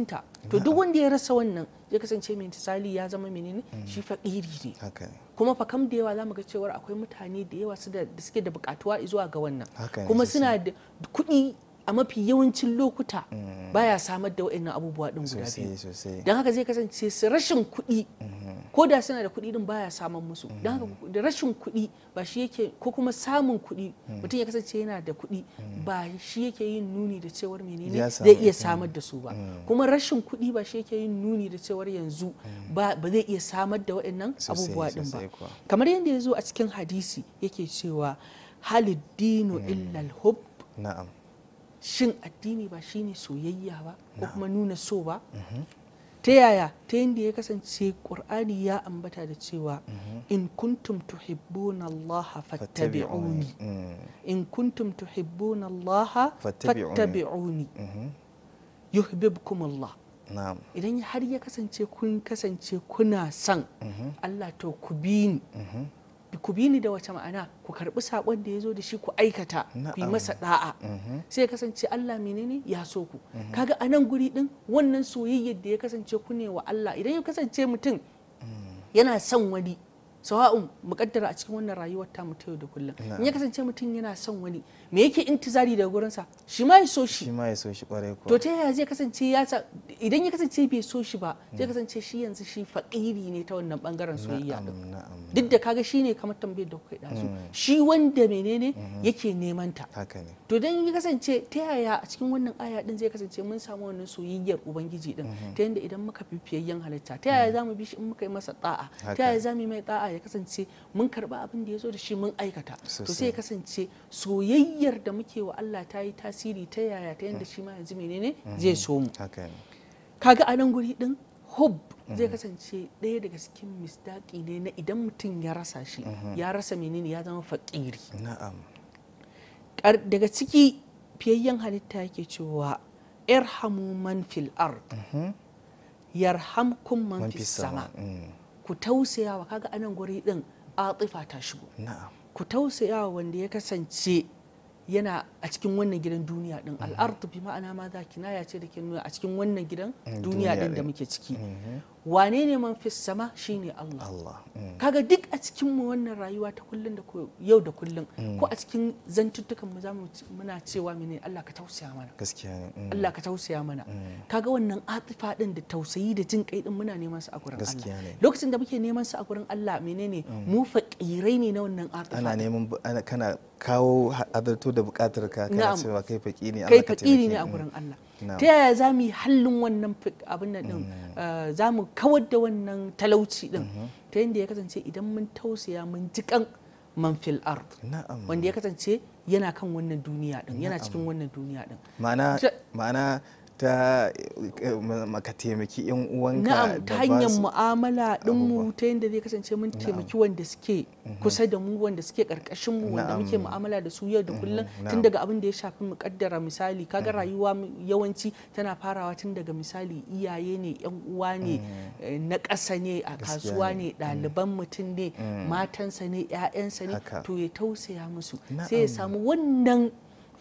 ta to duk wanda ya rasa wannan ya kasance mai tisali ya zama menene shi faƙiri ne kuma fa kam da yawa za mu ga cewar akwai mutane da yawa su da suke da bukatuwa zuwa ga wannan kuma suna da kuɗi a mafi yawancin lokuta mm. baya samar da wa'in abubuwa din guda biyu don haka zai kasance su rashin kuɗi mm-hmm. ko da suna da kuɗi din baya samar musu don haka mm-hmm. da rashin kuɗi ba shi yake ko kuma samun kuɗi mm. mutum ya kasance yana da kuɗi mm. ba shi yake yin nuni da cewar menene zai iya samar da su ba kuma rashin kuɗi ba shi yake yin nuni da cewar yanzu ba zai iya samar da wa'annan abubuwa din ba kamar yadda ya zo a cikin hadisi yake cewa halid Dino illal hub na'am shin addini ba shine soyayya ba ko kuma nuna so ba mm-hmm. ta yaya ta yadda ya kasance ƙur'ani ya ambata da cewa mm-hmm. in kuntum tuhibbuna Allah fattabi'uni in kuntum tuhibbuna Allah fattabi'uni mm-hmm. yuhibbukum Allah idan har ya kasance kun kasance kuna san Allah to ku bi ni ku bi ni da wace ma'ana ku karbi sakon da ya zo da shi ku aikata ku yi masa da'a mhm. sai ya kasance Allah menene ya so ku mhm. kaga a nan guri din wannan soyayyar da ya kasance ku ne wa Allah idan ya kasance mutum mm. yana son wani sawa'un muƙaddara a cikin wannan rayuwar ta mu yau da kullum in ya kasance mutum yana son wani me yake intizari daga gurinsa shi ma ya so shi shi ma ya so shi kwarai ko to ta yaya zai kasance ya idan ya kasance bai so shi ba zai hmm. kasance shi yanzu shi fakiri ne ta wannan bangaren soyayya duk da kaga shi ne kamar tambayar da kuka dasu hmm. shi wanda menene hmm. yake neman ta Haka ne. to dan ya kasance ta yaya a cikin wannan aya din zai kasance mun samu wannan soyayyar ubangiji din ta yanda idan muka fifiyayyen halitta ta yaya zamu bi shi in muka yi masa da'a ta yaya zamu mai da'a ya kasance mun karba abin da ya zo da shi mun aikata to sai ya kasance soyayyar da muke wa Allah ta yi tasiri ta yaya ta yanda mm. shi ma yanzu menene mm-hmm. zai so mu kaga a nan guri din hub mm-hmm. zai kasance ɗaya daga cikin misdaki ne na idan mutum ya rasa shi mm-hmm. ya rasa menene ya zama faƙiri daga ciki fiyayyen halitta yake cewa irhamu man fil ard yarhamkum man fis sama' mm. ku tausayawa kaga anan guri din atifa ta shigo ku tausayawa wanda ya kasance yana a cikin wannan gidan duniya din mhm. al'artu bi ma'ana ma za kinaya ce da ke nuna a cikin wannan gidan mm, duniya din da muke ciki mhm. wane ne man fi sama shine Allah Allah mm. kaga duk a cikin mu wannan rayuwa ta kullun da yau da kullun mm. ko a cikin zantuttukan mu zamu muna cewa mene Allah ka tausaya mana gaskiya ne mm. Allah ka tausaya mana kaga wannan atifa din da tausayi da jin kai din muna neman su a gurin Allah lokacin da muke neman su a gurin Allah menene mu fakirai ne na wannan atifa ana neman kana kawo hadarto da bukatarka ka kana cewa kai fakiri ne kai fakiri ne a gurin Allah ta yaya za mu yi hallin wannan abin nan din mm. eh, za mu kawar da wannan talauci din mm-hmm. ta yadda ya kasance idan mun tausaya mun kan man fil ard wanda ya kasance yana kan wannan duniya din yana cikin wannan duniya din ma'ana ta maka taimaki yan uwanka na'am ta hanyar mu'amala din mu ta yadda zai kasance mun taimaki wanda suke mhm. kusa da mu wanda suke karkashin mu wanda muke mu'amala da su yau da kullum mhm. tun daga abin da ya shafi mu kaddara misali kaga mhm. rayuwa yawanci tana farawa tun daga misali iyaye ne yan uwa ne eh, na ƙasa ne a kasuwa ne ɗaliban mutum ne matansa ne ƴaƴansa ne to ya tausaya musu sai ya samu wannan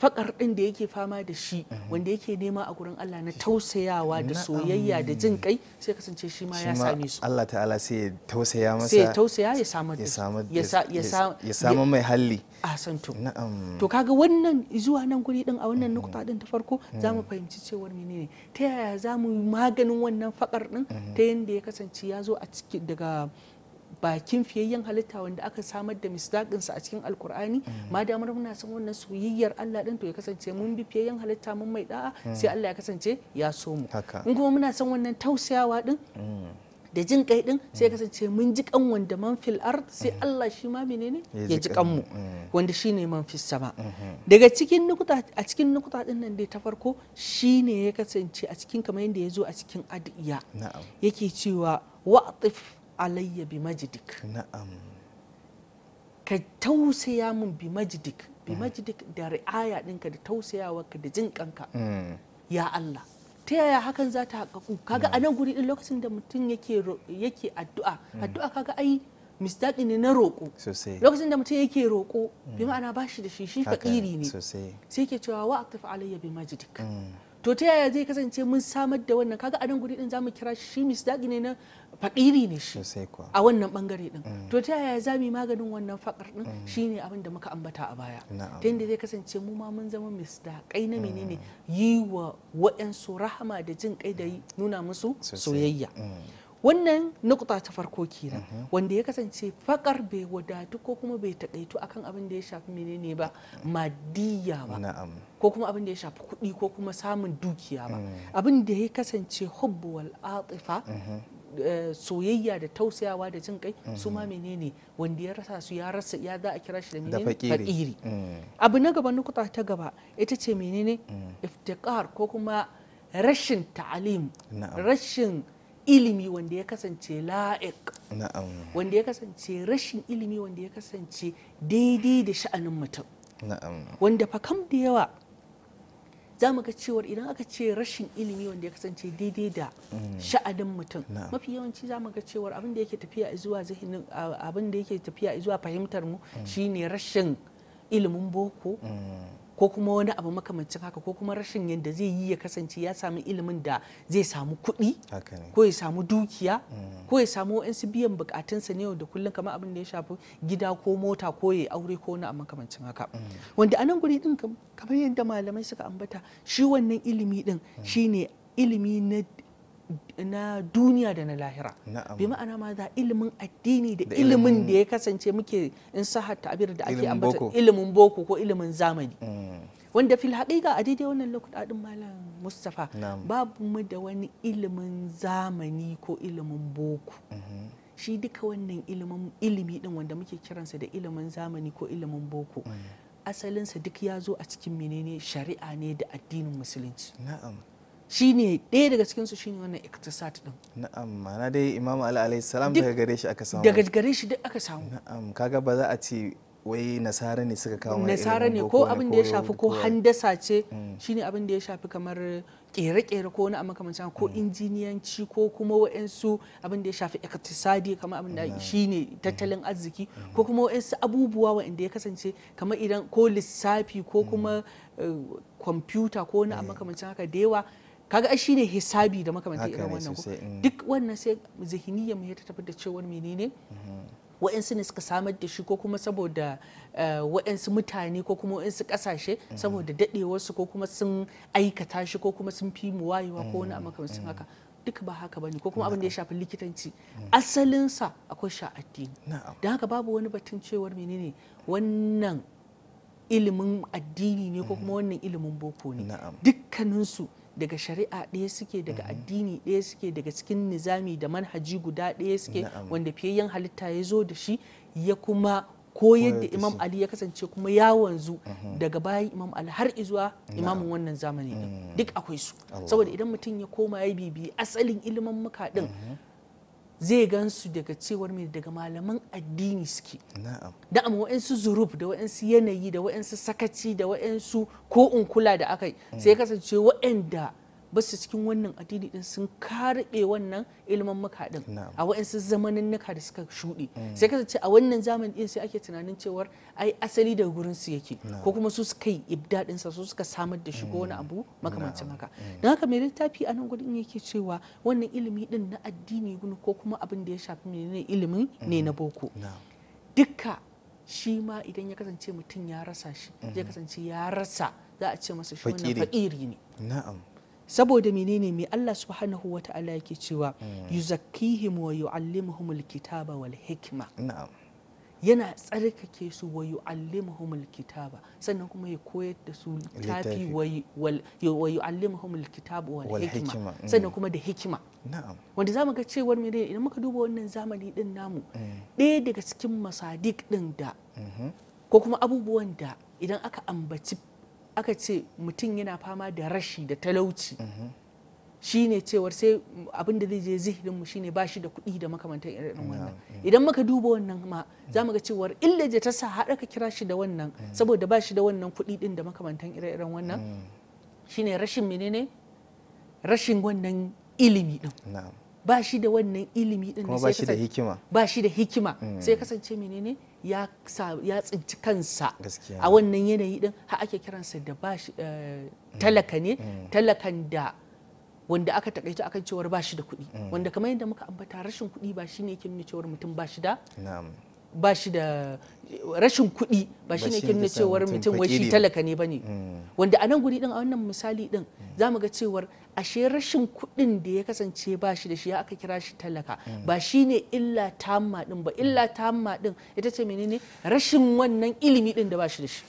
fakar ɗin da yake fama da shi mhm. wanda yake nema a gurin Allah na tausayawa da soyayya da jin kai sai kasance shi ma ya sami su Allah ta'ala sai ya tausaya masa sai ya tausaya ya samu ya samu mai halli asanto to kaga wannan zuwa nan guri din a wannan mhm. nukta din ta farko zamu mhm. fahimci cewar menene ta yaya za maganin wannan fakar ɗin ta yanda ya kasance ya zo a ciki daga bakin fiyayyen halitta wanda aka samar da misdaƙinsa a cikin alkur'ani ma damar muna son wannan soyayyar Allah ɗin to ya kasance mun bi fiyayyen halitta mun mai da'a sai Allah ya kasance ya so mu in kuma muna son wannan tausayawa ɗin. da jin kai din sai kasance mun ji kan wanda man fil ard sai Allah shi ma menene ya ji kan mu mm. wanda shine man fis sama mm-hmm. daga cikin nukuta a cikin nukuta din nan dai ta farko shine ya kasance a cikin kamar yadda ya zo a cikin adiya yake cewa wa'tif alayya bi majidik na'am ka tausaya min bi majidik bi mm. majidik da ri'aya ɗinka da tausayawarka da jin kanka mm. ya Allah ta yaya hakan za ta haƙaƙu kaga a nan guri ɗin lokacin da mutum yake addu'a mm. addu'a kaga ai misdaɗi ne na roƙo lokacin da mutum yake roƙo bi ma'ana bashi da shi shi faƙiri ne sai ke cewa wa aktaf alayya bi majidik to ta yaya zai kasance mun samar da wannan kaga a guri din zamu kira shi Dagi ne na fakiri ne shi a wannan bangare din mm. to ta yaya za yi maganin wannan fakar din mm. shine abin da muka ambata a baya ta inda zai kasance mu ma mun zama kai na menene mm. yi wa wa'ansu rahama da jin kai da nuna musu soyayya wannan nukuta ta farko kenan mhm. wanda ya kasance fakar bai wadatu ko kuma bai taɗaitu akan abin da ya shafi menene ba madiyya ba ko kuma abin da ya shafi kuɗi ko kuma samun dukiya ba mm. abin da ya kasance hubbu wal atifa mhm. eh, soyayya da tausayawa da jin kai su ma mhm. menene wanda ya rasa su ya rasa ya za a kira shi da menene fakiri mm. abu na gaba nukuta ta gaba ita ce menene mm. iftikar ko kuma rashin ta'alim rashin ilimi wanda ya kasance la'ik wanda ya kasance rashin ilimi wanda ya kasance daidai da sha'anin mutum wanda fa kam da yawa za mu ga cewar idan aka ce rashin ilimi wanda ya kasance daidai da mm. sha'anin mutum mafi yawanci za mu ga cewar abin da yake tafiya zuwa zihinin abin da yake tafiya zuwa fahimtar mu mm. shine rashin ilimin boko mm. ko kuma wani abu makamancin haka ko kuma rashin yadda zai yi ya kasance ya sami ilimin da zai samu kuɗi ko ya samu dukiya mm. ko ya samu wa'yansu biyan bukatunsa ne yau da kullum kamar abin da ya shafi gida ko mota ko ya aure ko wani abu makamancin haka mm. wanda a guri din kamar yadda malamai suka ambata shi wannan ilimi din mm. shine ilimi na na duniya da na lahira bi ma'ana ma za ilimin addini da ilimin da ya kasance muke in sahar ta'abir da ake ambata ilimin boko ko ilimin zamani mm. wanda fil haƙiƙa a daidai wannan lokuta din malam Mustapha babu mu da wani ilimin zamani ko ilimin boko mm-hmm. shi duka wannan ilimin ilimi din wanda muke kiransa da ilimin zamani ko ilimin boko mm. asalinsa duk ya zo a cikin menene shari'a ne da addinin musulunci shine ɗaya daga cikin su shine wannan iktisat din na'am ma'ana dai imam ali alayhi salam daga gare shi aka samu daga gare shi duk aka samu na'am kaga ba za a ce wai nasara ne suka kawo nasara ne ko abin da ya shafi ko handasa ce mm. shine abin da ya shafi kamar kere-kere ko wani amma kamar ko mm. injiniyanci ko kuma wa'ansu abin da ya shafi iktisadi kamar abin da mm. shine tattalin arziki ko kuma wa'ansu abubuwa wa'anda ya kasance kamar idan ko lissafi ko kuma eh, kwamfuta ko wani amma eh. makamancin haka da yawa kaga ai shine hisabi da makamantan irin wannan mm. duk wannan sai zihiniyyar mu ta tabbatar da cewar menene mm-hmm. wa'insu ne suka samar da shi ko kuma saboda eh, wa'insu mutane ko kuma wa'insu kasashe mm-hmm. saboda daɗewarsu ko kuma sun aikata shi ko kuma sun fi mu wayewa ko wani a makamancin mm-hmm. haka duk ba haka bane ko kuma abin da ya shafi likitanci mm. asalinsa akwai sha addini dan haka babu wani batun cewar menene wannan ilimin addini ne ko kuma wannan ilimin boko ne dukkaninsu daga shari'a ɗaya suke daga mhm. addini ɗaya suke daga cikin nizami da manhaji guda ɗaya suke wanda fiyayyen halitta ya zo da shi ya kuma ko yadda imam ali ya kasance kuma ya wanzu mhm. daga bayan imam ali har izuwa imamin wannan zamani mhm. duk akwai su saboda idan mutum ya koma ya bibiyi asalin ilimin muka din zai gan su daga cewar mai daga malaman addini suke da amma wa'ansu zuruf da wa'ansu yanayi da wa'ansu sakaci da wa'ansu ko kula da aka yi mm. sai kasance wa'anda basu cikin wannan addini din sun karbe wannan ilimin muka din a wa'ansu zamaninnika da suka shuɗe mm. sai kasance a wannan zamani din sai ake tunanin cewar ai asali da gurin su yake ko kuma su suka yi ibdadin sa su suka samar da shi ko wani mm. abu makamancin haka mm. don haka mai littafi a nan gudun yake cewa wannan ilimi din na addini ko kuma abin da ya shafi menene ilimin ne na boko dukka shi ma idan ya kasance mutum ya rasa shi zai kasance ya rasa za a ce masa shi wannan fakiri ne na'am saboda menene mai Allah subhanahu wa ta'ala yake cewa mm. yuzakkihim wa yu'allimuhumul kitaba wal hikma yana tsarkake su wa yu'allimuhumul kitaba sannan kuma ya koyar da su littafi wa yu'allimuhumul kitaba wal hikma mm. sannan kuma da hikima wanda zamu ga cewar menene idan muka duba wannan zamani din namu mm. ɗaya daga cikin masadik din da mm-hmm. ko kuma abubuwan da idan aka ambaci aka ce mutum yana fama da rashi da talauci Shi ne cewar sai abin da zai je shi ne ba shi da kuɗi da makamantan irin wannan idan muka duba wannan ma za mu ga cewar illa je ta sa haɗa ka kira shi da wannan mm. saboda ba shi da wannan kuɗi din da makamantan irin wannan mm. shine rashin menene rashin wannan ilimi din ba shi da wannan ilimi din kuma ba shi da hikima ba shi da hikima mm. sai kasance menene ya tsinci kansa a wannan yanayi din ha ake kiransa da ba shi eh, talaka ne mm. Mm. talakan da wanda aka takaita akan cewar ba shi da kuɗi mm. wanda kamar yadda muka ambata rashin kuɗi ba shi ne yake nuna cewar mutum ba shi da ba shi da rashin kuɗi ba shi ne kin cewar mutum wai shi talaka ne ba ne mm. wanda a nan guri din a wannan misali din za mu ga cewar ashe rashin kuɗin da ya kasance ba shi da shi ya aka kira shi talaka mm. ba shi ne illa tamma din ba illa tamma din ita ce menene rashin wannan ilimi din da ba shi da shi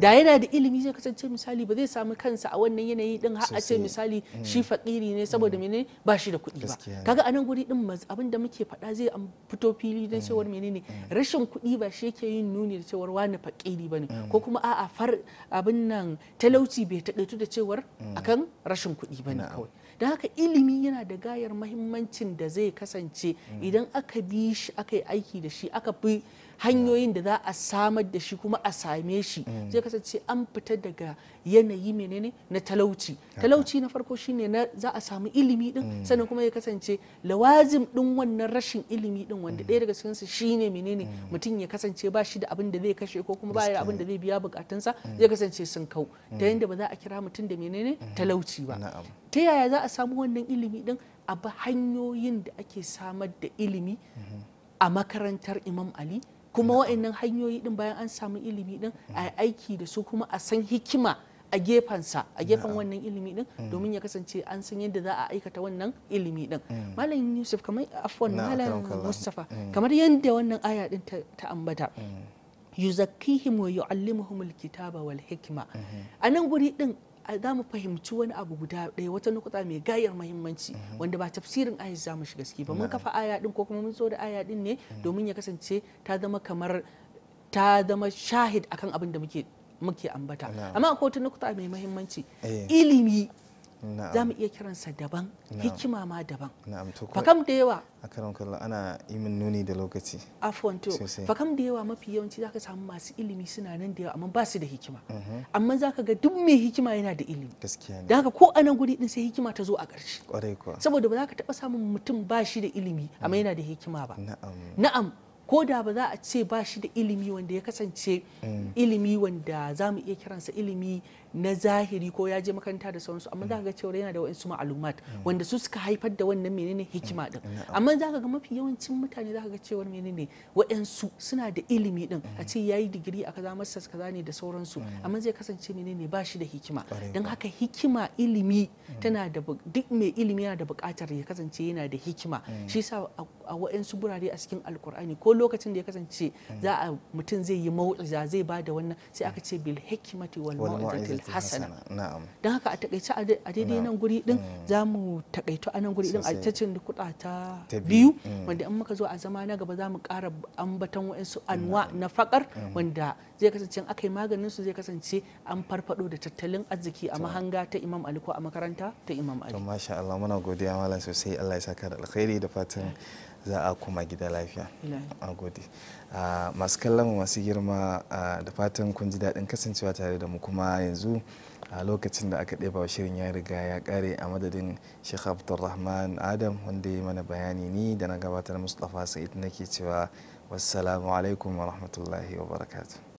da yana da ilimi zai kasance misali ba zai samu kansa a wannan yanayi din har a ce misali mm. shi faƙiri ne saboda mm. mene ba shi da kuɗi ba kaga anan guri din abin da muke faɗa zai an fito fili don mm. cewar menene rashin kuɗi ba shi yake yin nuni da cewar wani fakiri bane ko kuma a'a far abin nan talauci bai taƙaitu da cewar akan rashin kuɗi bane kawai da haka ilimi yana da gayar mahimmancin da zai kasance idan aka bi shi aka yi aiki da shi aka fi hanyoyin da za a samar da shi kuma a same shi mm. zai kasance an fita daga yanayi menene na talauci talauci na farko shine na za a samu ilimi din mm. sannan kuma ya kasance lawazim din wannan rashin ilimi din wanda mm. ɗaya daga cikinsu shine menene mutum ya kasance ba shi da abin da zai kashe ko kuma ba da abin da zai biya bukatunsa zai kasance sun kau ta yadda ba za a kira mutum da menene talauci ba ta yaya za a samu wannan ilimi din a hanyoyin da ake samar da ilimi mm-hmm. a makarantar imam ali kuma wa'annan hanyoyi din bayan an samu ilimi din a aiki da su kuma a san hikima a gefansa a gefen wannan ilimi din mm. domin ya kasance an san yadda za a aikata wannan ilimi din mm. malam yusuf kamar afwan malam mustafa mm. kamar yadda wannan aya din ta ambata yuzakkihim wa yu'allimuhumul kitaba wal hikma mm-hmm. anan guri din za mu fahimci wani abu guda ɗaya wata nukuta mai gayar mahimmanci mhm. wanda ba tafsirin ayat za mu shiga ciki ba mun kafa aya din ko kuma mun zo da aya din ne mhm. domin ya kasance ta zama kamar ta zama shahid akan abin da muke muke ambata amma akwai wata nukuta mai mahimmanci eh. ilimi za mu iya kiransa daban hikima ma daban fakam da yawa a karon kallo ana imin nuni da lokaci afuwan to fakam da yawa mafi yawanci zaka samu masu ilimi suna nan da yawa amma ba su da hikima mhm. amma zaka ga duk mai hikima yana da ilimi gaskiya da haka ko anan guri din sai hikima ta zo a ƙarshe kwarai kuwa saboda ba za ka taba samun mutum ba shi da ilimi amma mm. yana da hikima ba na'am ko da ba za a ce ba shi da ilimi wanda ya kasance mm. ilimi wanda za mu iya kiransa ilimi na zahiri ko ya je makaranta da sauransu amma za ka ga cewa yana da wa'insu ma'alumat wanda su suka haifar da wannan menene hikima din mm. Mm. amma za ka ga mafi yawancin mutane za ka ga cewa menene wa'insu suna da ilimi din mm. a ce yayi digiri a kaza masa kaza ne da sauransu amma zai kasance menene ba shi da hikima don haka hikima ilimi tana da duk mai ilimi yana da bukatar ya kasance yana da hikima shi yasa a wa'insu burare a cikin alkur'ani ko lokacin da ya kasance za a mutum zai yi mau'iza zai ba da wannan sai aka ce bil hikimati wal mau'izatil hasana don haka a takaice a daidai nan guri din mm. za mu takaito a nan guri din a cikin kuɗa ta biyu mm. wanda in muka zo a zama na gaba za mu ƙara ambaton wa'insu anwa na fakar mm. wanda zai kasance aka yi maganin su zai kasance an farfado da tattalin arziki a mahanga ta imam ali ko a makaranta ta imam ali. masha Allah muna godiya malam sosai Allah ya saka da alkhairi da fatan za a kuma gida lafiya. A gode. masu kallon masu girma da fatan kun ji daɗin kasancewa tare da mu kuma yanzu a lokacin da aka ɗeba shirin ya riga ya ƙare a madadin sheikh abdulrahman adam wanda ya mana bayani ni da na gabatar mustapha sa'id nake cewa wassalamu alaikum wa rahmatullahi wa barakatuh